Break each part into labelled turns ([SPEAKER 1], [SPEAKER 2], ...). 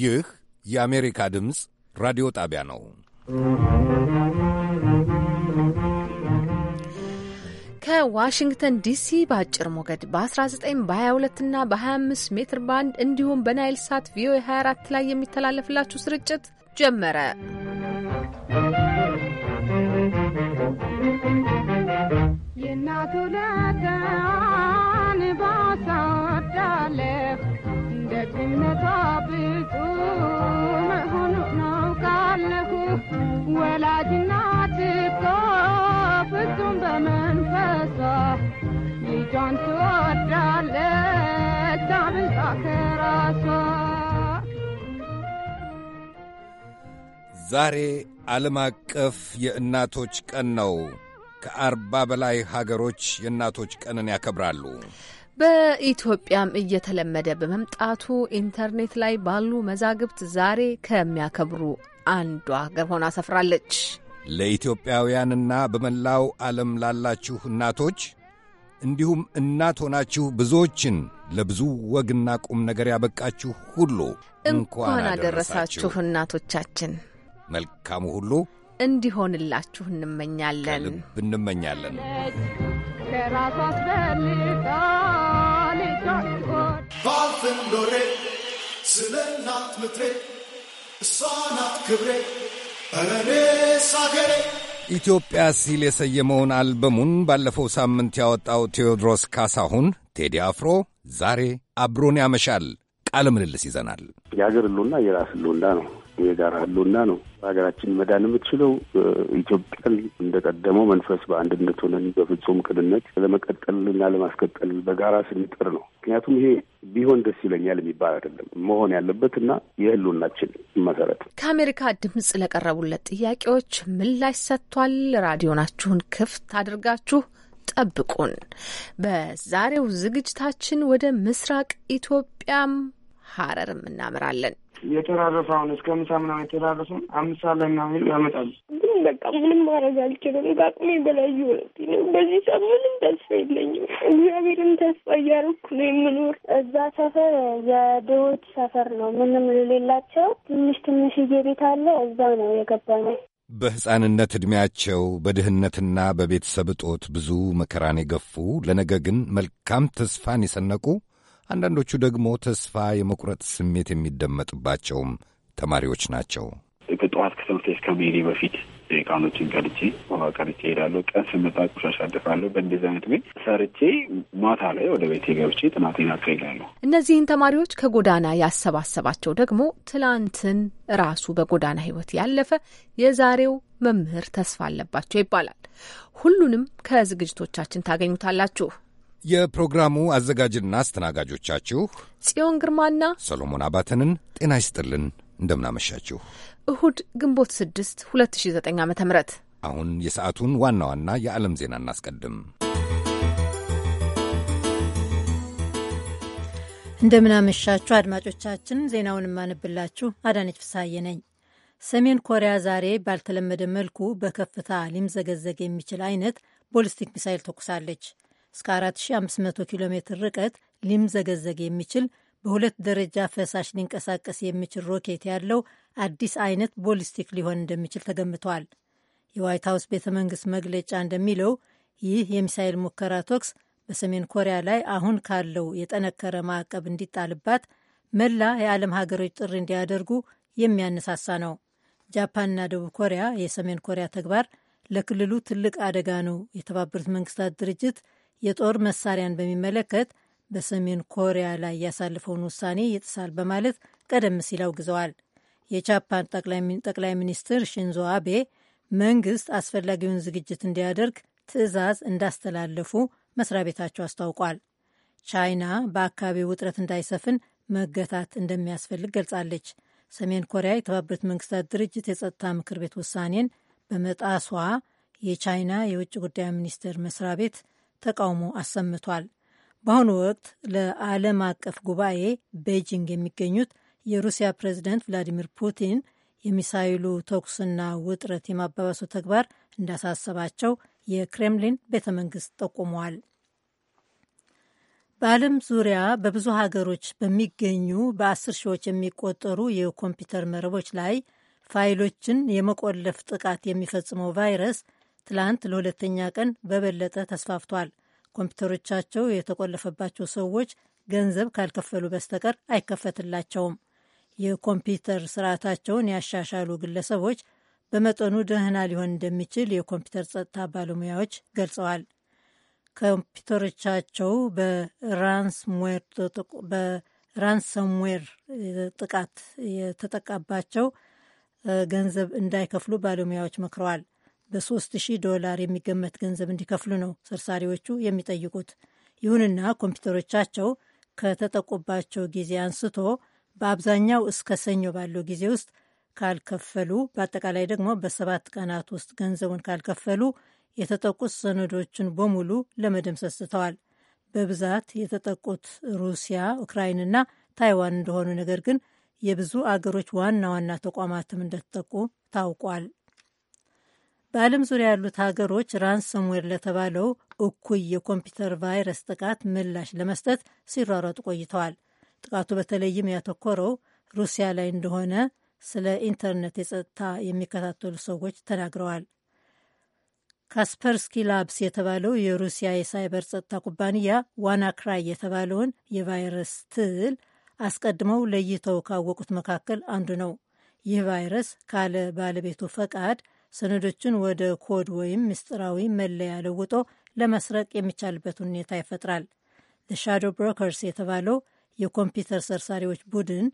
[SPEAKER 1] ይህ የአሜሪካ ድምፅ ራዲዮ ጣቢያ ነው።
[SPEAKER 2] ከዋሽንግተን ዲሲ በአጭር ሞገድ በ19 በ22 እና በ25 ሜትር ባንድ እንዲሁም በናይል ሳት ቪኦኤ 24 ላይ የሚተላለፍላችሁ ስርጭት ጀመረ።
[SPEAKER 3] ወላጅናት እኮ ፍጹም በመንፈሷ ልጇን ትወዳለች አብልጣ ከራሷ።
[SPEAKER 1] ዛሬ ዓለም አቀፍ የእናቶች ቀን ነው። ከአርባ በላይ ሀገሮች የእናቶች ቀንን ያከብራሉ።
[SPEAKER 2] በኢትዮጵያም እየተለመደ በመምጣቱ ኢንተርኔት ላይ ባሉ መዛግብት ዛሬ ከሚያከብሩ አንዷ ሀገር ሆና ሰፍራለች።
[SPEAKER 1] ለኢትዮጵያውያንና በመላው ዓለም ላላችሁ እናቶች እንዲሁም እናት ሆናችሁ ብዙዎችን ለብዙ ወግና ቁም ነገር ያበቃችሁ ሁሉ እንኳን አደረሳችሁ።
[SPEAKER 2] እናቶቻችን
[SPEAKER 1] መልካሙ ሁሉ እንዲሆንላችሁ እንመኛለን፣ ከልብ እንመኛለን።
[SPEAKER 4] ስለ
[SPEAKER 5] እናት ምትሬ እሷ ናት ክብሬ አገሬ
[SPEAKER 1] ኢትዮጵያ ሲል የሰየመውን አልበሙን ባለፈው ሳምንት ያወጣው ቴዎድሮስ ካሳሁን ቴዲ አፍሮ ዛሬ አብሮን ያመሻል። ቃለ ምልልስ ይዘናል።
[SPEAKER 6] የሀገር ሕልውና የራስ ሕልውና ነው። ጋር ህልውና ነው። በሀገራችን መዳን የምትችለው ኢትዮጵያን እንደቀደመው መንፈስ በአንድነት ሆነን በፍጹም ቅንነት ለመቀጠልና ለማስቀጠል በጋራ ስንጥር ነው። ምክንያቱም ይሄ ቢሆን ደስ ይለኛል የሚባል አይደለም መሆን ያለበት እና የህልውናችን መሰረት።
[SPEAKER 2] ከአሜሪካ ድምጽ ለቀረቡለት ጥያቄዎች ምላሽ ሰጥቷል። ራዲዮናችሁን ክፍት አድርጋችሁ ጠብቁን። በዛሬው ዝግጅታችን ወደ ምስራቅ ኢትዮጵያም ሀረርም
[SPEAKER 3] እናምራለን።
[SPEAKER 7] የተራረፈ አሁን እስከ ምሳ ምናምን የተራረፈን አምስት ሰዓት ላይ ምናምን ያመጣሉ።
[SPEAKER 3] ግን በቃ ምንም ማድረግ አልችልም። በአቅሜ በላይ ሆነብኝ ነው። በዚህ ሰዓት ምንም ተስፋ የለኝም። እግዚአብሔርን ተስፋ እያደረኩ ነው የምኖር። እዛ ሰፈር የድሆች ሰፈር ነው፣
[SPEAKER 4] ምንም ልሌላቸው ትንሽ ትንሽዬ ቤት አለ። እዛ ነው የገባ ነው።
[SPEAKER 1] በሕፃንነት ዕድሜያቸው በድህነትና በቤተሰብ እጦት ብዙ መከራን የገፉ ለነገ ግን መልካም ተስፋን የሰነቁ አንዳንዶቹ ደግሞ ተስፋ የመቁረጥ ስሜት የሚደመጥባቸውም ተማሪዎች ናቸው።
[SPEAKER 8] ጠዋት ከትምህርት ቤት ከመሄዴ በፊት ደቂቃኖችን ቀርቼ ውሃ ቀርቼ እሄዳለሁ። ቀን ስመጣ ቆሻሻ አደፋለሁ። በእንደዚህ አይነት ቤት ሰርቼ ማታ ላይ ወደ ቤቴ ገብቼ ጥናቴን አካሂዳለሁ።
[SPEAKER 2] እነዚህን ተማሪዎች ከጎዳና ያሰባሰባቸው ደግሞ ትላንትን ራሱ በጎዳና ህይወት ያለፈ የዛሬው መምህር ተስፋ አለባቸው ይባላል። ሁሉንም ከዝግጅቶቻችን ታገኙታላችሁ።
[SPEAKER 1] የፕሮግራሙ አዘጋጅና አስተናጋጆቻችሁ
[SPEAKER 2] ጽዮን ግርማና
[SPEAKER 1] ሰሎሞን አባተንን ጤና ይስጥልን። እንደምናመሻችሁ። እሁድ ግንቦት 6 2009 ዓ ም አሁን የሰዓቱን ዋና ዋና የዓለም ዜና እናስቀድም።
[SPEAKER 9] እንደምናመሻችሁ አድማጮቻችን፣ ዜናውን የማንብላችሁ አዳነች ፍሳዬ ነኝ። ሰሜን ኮሪያ ዛሬ ባልተለመደ መልኩ በከፍታ ሊምዘገዘግ የሚችል አይነት ቦሊስቲክ ሚሳይል ተኩሳለች። እስከ 4500 ኪሎ ሜትር ርቀት ሊምዘገዘግ የሚችል በሁለት ደረጃ ፈሳሽ ሊንቀሳቀስ የሚችል ሮኬት ያለው አዲስ አይነት ቦሊስቲክ ሊሆን እንደሚችል ተገምቷል። የዋይት ሀውስ ቤተ መንግስት መግለጫ እንደሚለው ይህ የሚሳይል ሙከራ ቶክስ በሰሜን ኮሪያ ላይ አሁን ካለው የጠነከረ ማዕቀብ እንዲጣልባት መላ የዓለም ሀገሮች ጥሪ እንዲያደርጉ የሚያነሳሳ ነው። ጃፓንና ደቡብ ኮሪያ የሰሜን ኮሪያ ተግባር ለክልሉ ትልቅ አደጋ ነው የተባበሩት መንግስታት ድርጅት የጦር መሳሪያን በሚመለከት በሰሜን ኮሪያ ላይ ያሳለፈውን ውሳኔ ይጥሳል በማለት ቀደም ሲል አውግዘዋል። የጃፓን ጠቅላይ ሚኒስትር ሽንዞ አቤ መንግስት አስፈላጊውን ዝግጅት እንዲያደርግ ትዕዛዝ እንዳስተላለፉ መስሪያ ቤታቸው አስታውቋል። ቻይና በአካባቢው ውጥረት እንዳይሰፍን መገታት እንደሚያስፈልግ ገልጻለች። ሰሜን ኮሪያ የተባበሩት መንግስታት ድርጅት የጸጥታ ምክር ቤት ውሳኔን በመጣሷ የቻይና የውጭ ጉዳይ ሚኒስቴር መስሪያ ቤት ተቃውሞ አሰምቷል። በአሁኑ ወቅት ለዓለም አቀፍ ጉባኤ ቤጂንግ የሚገኙት የሩሲያ ፕሬዚደንት ቭላዲሚር ፑቲን የሚሳይሉ ተኩስና ውጥረት የማባባሱ ተግባር እንዳሳሰባቸው የክሬምሊን ቤተ መንግስት ጠቁመዋል። በዓለም ዙሪያ በብዙ ሀገሮች በሚገኙ በአስር ሺዎች የሚቆጠሩ የኮምፒውተር መረቦች ላይ ፋይሎችን የመቆለፍ ጥቃት የሚፈጽመው ቫይረስ ትላንት ለሁለተኛ ቀን በበለጠ ተስፋፍቷል። ኮምፒውተሮቻቸው የተቆለፈባቸው ሰዎች ገንዘብ ካልከፈሉ በስተቀር አይከፈትላቸውም። የኮምፒውተር ስርዓታቸውን ያሻሻሉ ግለሰቦች በመጠኑ ደህና ሊሆን እንደሚችል የኮምፒውተር ጸጥታ ባለሙያዎች ገልጸዋል። ኮምፒውተሮቻቸው በራንሰምዌር ጥቃት የተጠቃባቸው ገንዘብ እንዳይከፍሉ ባለሙያዎች መክረዋል። በ3000 ዶላር የሚገመት ገንዘብ እንዲከፍሉ ነው ሰርሳሪዎቹ የሚጠይቁት። ይሁንና ኮምፒውተሮቻቸው ከተጠቁባቸው ጊዜ አንስቶ በአብዛኛው እስከ ሰኞ ባለው ጊዜ ውስጥ ካልከፈሉ፣ በአጠቃላይ ደግሞ በሰባት ቀናት ውስጥ ገንዘቡን ካልከፈሉ የተጠቁት ሰነዶችን በሙሉ ለመደምሰስ ስተዋል። በብዛት የተጠቁት ሩሲያ፣ ኡክራይንና ታይዋን እንደሆኑ ነገር ግን የብዙ አገሮች ዋና ዋና ተቋማትም እንደተጠቁ ታውቋል። በዓለም ዙሪያ ያሉት ሀገሮች ራንሰምዌር ለተባለው እኩይ የኮምፒውተር ቫይረስ ጥቃት ምላሽ ለመስጠት ሲሯሯጡ ቆይተዋል። ጥቃቱ በተለይም ያተኮረው ሩሲያ ላይ እንደሆነ ስለ ኢንተርኔት የጸጥታ የሚከታተሉ ሰዎች ተናግረዋል። ካስፐርስኪ ላብስ የተባለው የሩሲያ የሳይበር ጸጥታ ኩባንያ ዋና ክራይ የተባለውን የቫይረስ ትል አስቀድመው ለይተው ካወቁት መካከል አንዱ ነው። ይህ ቫይረስ ካለ ባለቤቱ ፈቃድ ሰነዶችን ወደ ኮድ ወይም ምስጢራዊ መለያ ለውጦ ለመስረቅ የሚቻልበት ሁኔታ ይፈጥራል። ሻዶ ብሮከርስ የተባለው የኮምፒውተር ሰርሳሪዎች ቡድን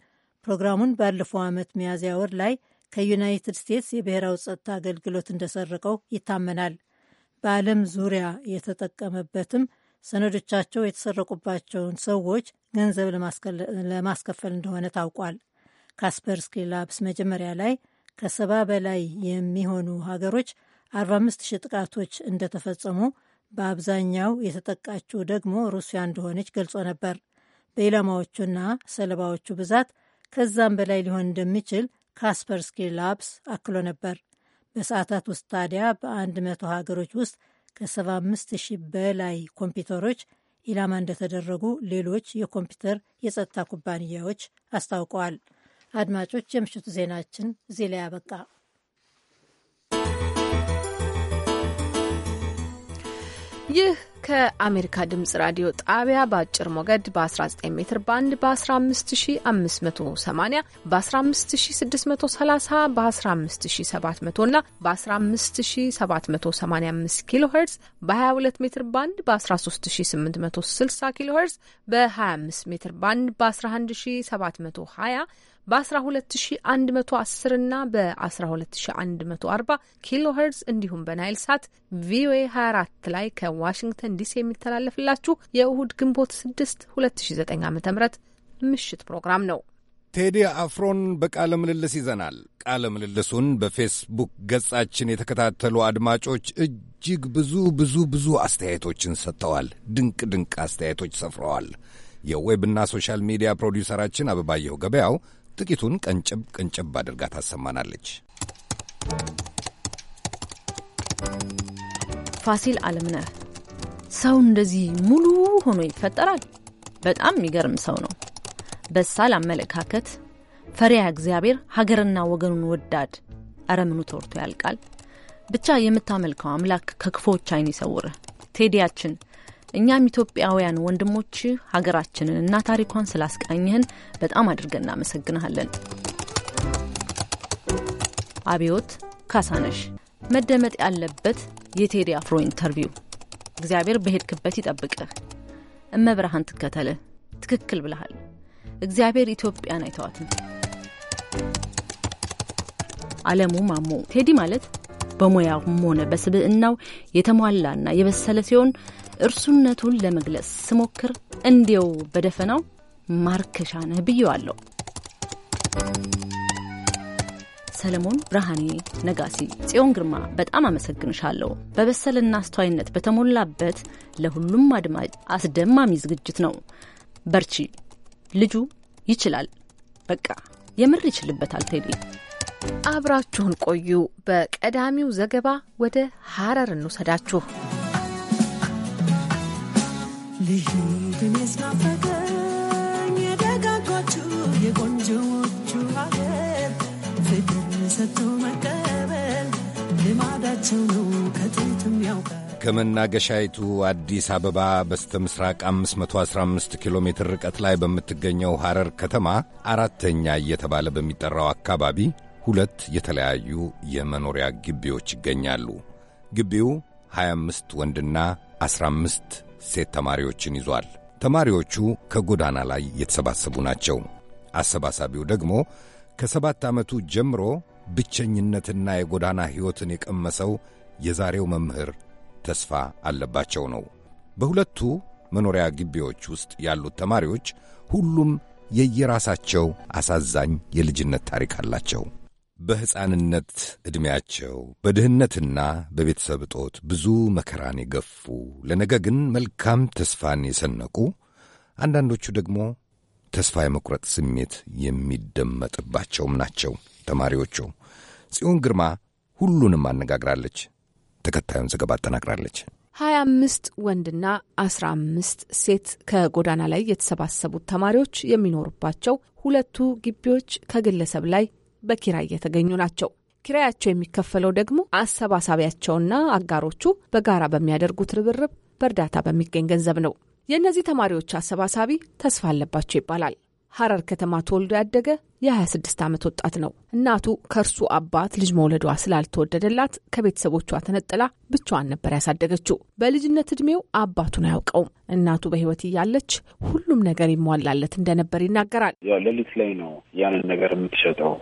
[SPEAKER 9] ፕሮግራሙን ባለፈው ዓመት ሚያዝያ ወር ላይ ከዩናይትድ ስቴትስ የብሔራዊ ጸጥታ አገልግሎት እንደሰረቀው ይታመናል። በዓለም ዙሪያ የተጠቀመበትም ሰነዶቻቸው የተሰረቁባቸውን ሰዎች ገንዘብ ለማስከፈል እንደሆነ ታውቋል። ካስፐርስኪ ላብስ መጀመሪያ ላይ ከሰባ በላይ የሚሆኑ ሀገሮች 45 ሺህ ጥቃቶች እንደተፈጸሙ በአብዛኛው የተጠቃችው ደግሞ ሩሲያ እንደሆነች ገልጾ ነበር። በኢላማዎቹና ሰለባዎቹ ብዛት ከዛም በላይ ሊሆን እንደሚችል ካስፐርስኪ ላብስ አክሎ ነበር። በሰዓታት ውስጥ ታዲያ በአንድ መቶ ሀገሮች ውስጥ ከ75 ሺህ በላይ ኮምፒውተሮች ኢላማ እንደተደረጉ ሌሎች የኮምፒውተር የጸጥታ ኩባንያዎች አስታውቀዋል። አድማጮች፣ የምሽቱ ዜናችን እዚህ ላይ አበቃ።
[SPEAKER 2] ይህ ከአሜሪካ ድምጽ ራዲዮ ጣቢያ በአጭር ሞገድ በ19 ሜትር ባንድ በ15580 በ15630 በ15700 እና በ15785 ኪሎ ሄርዝ በ22 ሜትር ባንድ በ13860 ኪሎ ሄርዝ በ25 ሜትር ባንድ በ11720 በ12110 እና በ12140 ኪሎ ሄርዝ እንዲሁም በናይል ሳት ቪኦኤ 24 ላይ ከዋሽንግተን ዲሲ የሚተላለፍላችሁ የእሁድ ግንቦት 6 2009 ዓ ም ምሽት ፕሮግራም ነው።
[SPEAKER 1] ቴዲ አፍሮን በቃለ ምልልስ ይዘናል። ቃለ ምልልሱን በፌስቡክ ገጻችን የተከታተሉ አድማጮች እጅግ ብዙ ብዙ ብዙ አስተያየቶችን ሰጥተዋል። ድንቅ ድንቅ አስተያየቶች ሰፍረዋል። የዌብና ሶሻል ሚዲያ ፕሮዲውሰራችን አበባየሁ ገበያው ጥቂቱን ቀንጭብ ቀንጭብ አድርጋ ታሰማናለች።
[SPEAKER 10] ፋሲል አለምነህ ሰው እንደዚህ ሙሉ ሆኖ ይፈጠራል። በጣም የሚገርም ሰው ነው። በሳል አመለካከት፣ ፈሪያ እግዚአብሔር፣ ሀገርና ወገኑን ወዳድ። አረምኑ ተወርቶ ያልቃል። ብቻ የምታመልከው አምላክ ከክፎች አይን ይሰውርህ። ቴዲያችን እኛም ኢትዮጵያውያን ወንድሞች ሀገራችንን እና ታሪኳን ስላስቃኝህን በጣም አድርገን እናመሰግንሃለን። አብዮት ካሳነሽ መደመጥ ያለበት የቴዲ አፍሮ ኢንተርቪው። እግዚአብሔር በሄድክበት ይጠብቅህ፣ እመብርሃን ትከተልህ። ትክክል ብለሃል። እግዚአብሔር ኢትዮጵያን አይተዋትም። አለሙ ማሞ ቴዲ ማለት በሙያውም ሆነ በስብዕናው የተሟላና የበሰለ ሲሆን እርሱነቱን ለመግለጽ ስሞክር እንዲው በደፈናው ማርከሻ ነህ ብየዋለሁ። ሰለሞን ብርሃኔ ነጋሲ፣ ጽዮን ግርማ በጣም አመሰግንሻለሁ። በበሰልና አስተዋይነት በተሞላበት ለሁሉም አድማጭ አስደማሚ ዝግጅት ነው። በርቺ፣ ልጁ ይችላል። በቃ የምር ይችልበታል። ቴዲ አብራችሁን ቆዩ። በቀዳሚው ዘገባ
[SPEAKER 2] ወደ ሀረር እንውሰዳችሁ።
[SPEAKER 1] ከመናገሻይቱ አዲስ አበባ በስተ ምስራቅ 515 ኪሎ ሜትር ርቀት ላይ በምትገኘው ሐረር ከተማ አራተኛ እየተባለ በሚጠራው አካባቢ ሁለት የተለያዩ የመኖሪያ ግቢዎች ይገኛሉ። ግቢው 25 ወንድና 15 ሴት ተማሪዎችን ይዟል። ተማሪዎቹ ከጎዳና ላይ የተሰባሰቡ ናቸው። አሰባሳቢው ደግሞ ከሰባት ዓመቱ ጀምሮ ብቸኝነትና የጎዳና ሕይወትን የቀመሰው የዛሬው መምህር ተስፋ አለባቸው ነው። በሁለቱ መኖሪያ ግቢዎች ውስጥ ያሉት ተማሪዎች ሁሉም የየራሳቸው አሳዛኝ የልጅነት ታሪክ አላቸው። በሕፃንነት ዕድሜያቸው በድህነትና በቤተሰብ እጦት ብዙ መከራን የገፉ ለነገ ግን መልካም ተስፋን የሰነቁ አንዳንዶቹ ደግሞ ተስፋ የመቁረጥ ስሜት የሚደመጥባቸውም ናቸው ተማሪዎቹ። ጽዮን ግርማ ሁሉንም አነጋግራለች። ተከታዩን ዘገባ አጠናቅራለች።
[SPEAKER 2] ሀያ አምስት ወንድና አስራ አምስት ሴት ከጎዳና ላይ የተሰባሰቡት ተማሪዎች የሚኖሩባቸው ሁለቱ ግቢዎች ከግለሰብ ላይ በኪራይ የተገኙ ናቸው። ኪራያቸው የሚከፈለው ደግሞ አሰባሳቢያቸውና አጋሮቹ በጋራ በሚያደርጉት ርብርብ በእርዳታ በሚገኝ ገንዘብ ነው። የእነዚህ ተማሪዎች አሰባሳቢ ተስፋ አለባቸው ይባላል። ሐረር ከተማ ተወልዶ ያደገ የ26 ዓመት ወጣት ነው። እናቱ ከእርሱ አባት ልጅ መውለዷ ስላልተወደደላት ከቤተሰቦቿ ተነጥላ ብቻዋን ነበር ያሳደገችው። በልጅነት ዕድሜው አባቱን አያውቀውም። እናቱ በሕይወት እያለች ሁሉም ነገር ይሟላለት እንደነበር ይናገራል።
[SPEAKER 8] ያው ሌሊት ላይ ነው ያንን ነገር የምትሸጠው።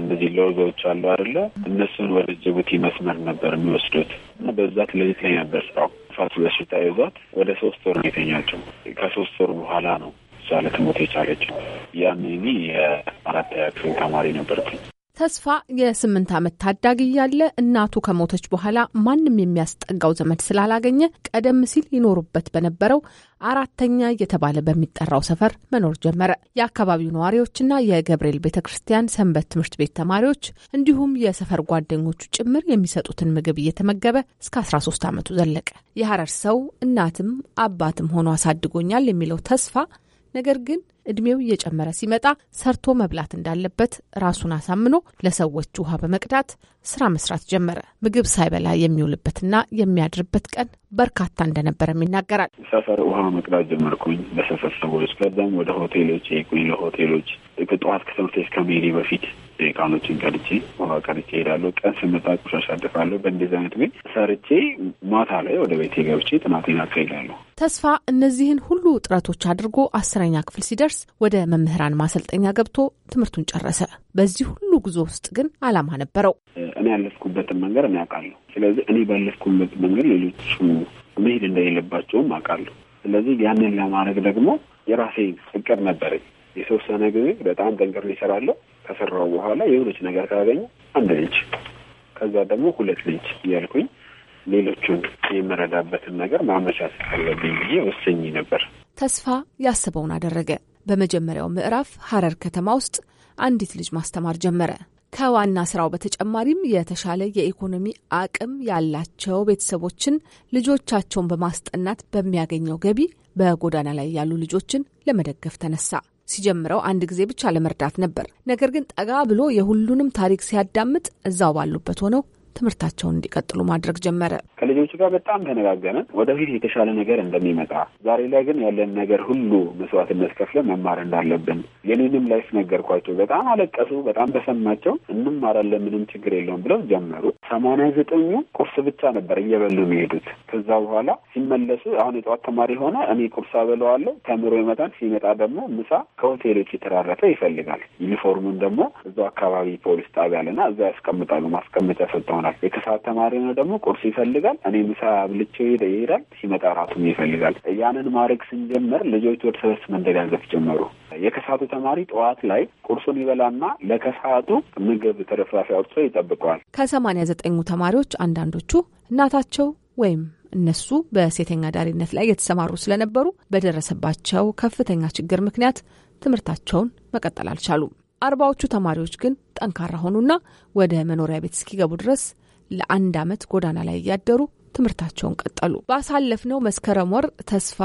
[SPEAKER 8] እንደዚህ ለወገዎች አሉ አይደለ? እነሱን ወደ ጅቡቲ መስመር ነበር የሚወስዱት። በብዛት ሌሊት ላይ ነበር ስራው። ፋስ በሽታ ይዟት ወደ ሶስት ወር ነው የተኛቸው። ከሶስት ወር በኋላ ነው እዛ የቻለች ያን ያንን የአራተኛ ክፍል ተማሪ ነበርኩኝ።
[SPEAKER 2] ተስፋ የስምንት ዓመት ታዳጊ እያለ እናቱ ከሞተች በኋላ ማንም የሚያስጠጋው ዘመድ ስላላገኘ ቀደም ሲል ይኖሩበት በነበረው አራተኛ እየተባለ በሚጠራው ሰፈር መኖር ጀመረ። የአካባቢው ነዋሪዎችና የገብርኤል ቤተ ክርስቲያን ሰንበት ትምህርት ቤት ተማሪዎች እንዲሁም የሰፈር ጓደኞቹ ጭምር የሚሰጡትን ምግብ እየተመገበ እስከ 13 ዓመቱ ዘለቀ። የሐረር ሰው እናትም አባትም ሆኖ አሳድጎኛል የሚለው ተስፋ ነገር ግን እድሜው እየጨመረ ሲመጣ ሰርቶ መብላት እንዳለበት ራሱን አሳምኖ ለሰዎች ውሃ በመቅዳት ስራ መስራት ጀመረ። ምግብ ሳይበላ የሚውልበትና የሚያድርበት ቀን በርካታ እንደነበረም ይናገራል።
[SPEAKER 8] ሰፈር ውሃ መቅዳት ጀመርኩኝ ለሰፈር ሰዎች፣ ከዛም ወደ ሆቴሎች ሄድኩኝ። ለሆቴሎች ጠዋት ከትምህርት እስከ መሄዴ በፊት ቃኖችን ቀድቼ ውሃ ቀድቼ ሄዳለሁ። ቀን ስመጣ ቆሻሻ አደፋለሁ። በእንደዚህ አይነት ቤት ሰርቼ ማታ ላይ ወደ ቤቴ ገብቼ ጥናቴን አካሂዳለሁ።
[SPEAKER 2] ተስፋ እነዚህን ሁሉ ጥረቶች አድርጎ አስረኛ ክፍል ሲደርስ ወደ መምህራን ማሰልጠኛ ገብቶ ትምህርቱን ጨረሰ። በዚህ ሁሉ ጉዞ ውስጥ ግን አላማ ነበረው።
[SPEAKER 8] እኔ ያለፍኩበትን መንገድ እኔ አውቃለሁ። ስለዚህ እኔ ባለፍኩበት መንገድ ሌሎቹ መሄድ እንደሌለባቸውም አውቃለሁ። ስለዚህ ያንን ለማድረግ ደግሞ የራሴ እቅድ ነበረኝ። የተወሰነ ጊዜ በጣም ጠንቅር ይሰራለሁ። ከሰራው በኋላ የሆነች ነገር ካገኘ አንድ ልጅ ከዛ ደግሞ ሁለት ልጅ እያልኩኝ ሌሎቹን የምረዳበትን ነገር ማመቻቸት አለብኝ ብዬ ወሰኝ ነበር።
[SPEAKER 2] ተስፋ ያስበውን አደረገ። በመጀመሪያው ምዕራፍ ሀረር ከተማ ውስጥ አንዲት ልጅ ማስተማር ጀመረ። ከዋና ስራው በተጨማሪም የተሻለ የኢኮኖሚ አቅም ያላቸው ቤተሰቦችን ልጆቻቸውን በማስጠናት በሚያገኘው ገቢ በጎዳና ላይ ያሉ ልጆችን ለመደገፍ ተነሳ። ሲጀምረው አንድ ጊዜ ብቻ ለመርዳት ነበር። ነገር ግን ጠጋ ብሎ የሁሉንም ታሪክ ሲያዳምጥ እዛው ባሉበት ሆነው ትምህርታቸውን እንዲቀጥሉ ማድረግ ጀመረ።
[SPEAKER 8] ከልጆቹ ጋር በጣም ተነጋገነ ወደፊት የተሻለ ነገር እንደሚመጣ፣ ዛሬ ላይ ግን ያለን ነገር ሁሉ መስዋዕትነት ከፍለን መማር እንዳለብን የኔንም ላይፍ ነገርኳቸው። በጣም አለቀሱ። በጣም በሰማቸው እንማራለን፣ ምንም ችግር የለውም ብለው ጀመሩ። ሰማንያ ዘጠኙ ቁርስ ብቻ ነበር እየበሉ የሚሄዱት። ከዛ በኋላ ሲመለሱ አሁን የጠዋት ተማሪ ሆነ እኔ ቁርስ አበለዋለሁ ተምሮ ይመጣል። ሲመጣ ደግሞ ምሳ ከሆቴሎች የተራረፈ ይፈልጋል። ዩኒፎርሙን ደግሞ እዛው አካባቢ ፖሊስ ጣቢያ አለና እዛ ያስቀምጣሉ። ማስቀመጫ ሰጠሆነ ይሆናል። የከሰዓት ተማሪ ነው ደግሞ ቁርስ ይፈልጋል። እኔ ምሳ ብልቼ ይሄዳል። ሲመጣ እራቱም ይፈልጋል። ያንን ማድረግ ስንጀምር ልጆች ወደ ሰበስ መደጋገፍ ጀመሩ። የከሰዓቱ ተማሪ ጠዋት ላይ ቁርሱን ይበላና ለከሰዓቱ ምግብ ተረፍራፊ አውጥቶ ይጠብቀዋል።
[SPEAKER 2] ከሰማንያ ዘጠኙ ተማሪዎች አንዳንዶቹ እናታቸው ወይም እነሱ በሴተኛ ዳሪነት ላይ የተሰማሩ ስለነበሩ በደረሰባቸው ከፍተኛ ችግር ምክንያት ትምህርታቸውን መቀጠል አልቻሉም። አርባዎቹ ተማሪዎች ግን ጠንካራ ሆኑና ወደ መኖሪያ ቤት እስኪገቡ ድረስ ለአንድ ዓመት ጎዳና ላይ እያደሩ ትምህርታቸውን ቀጠሉ። ባሳለፍነው መስከረም ወር ተስፋ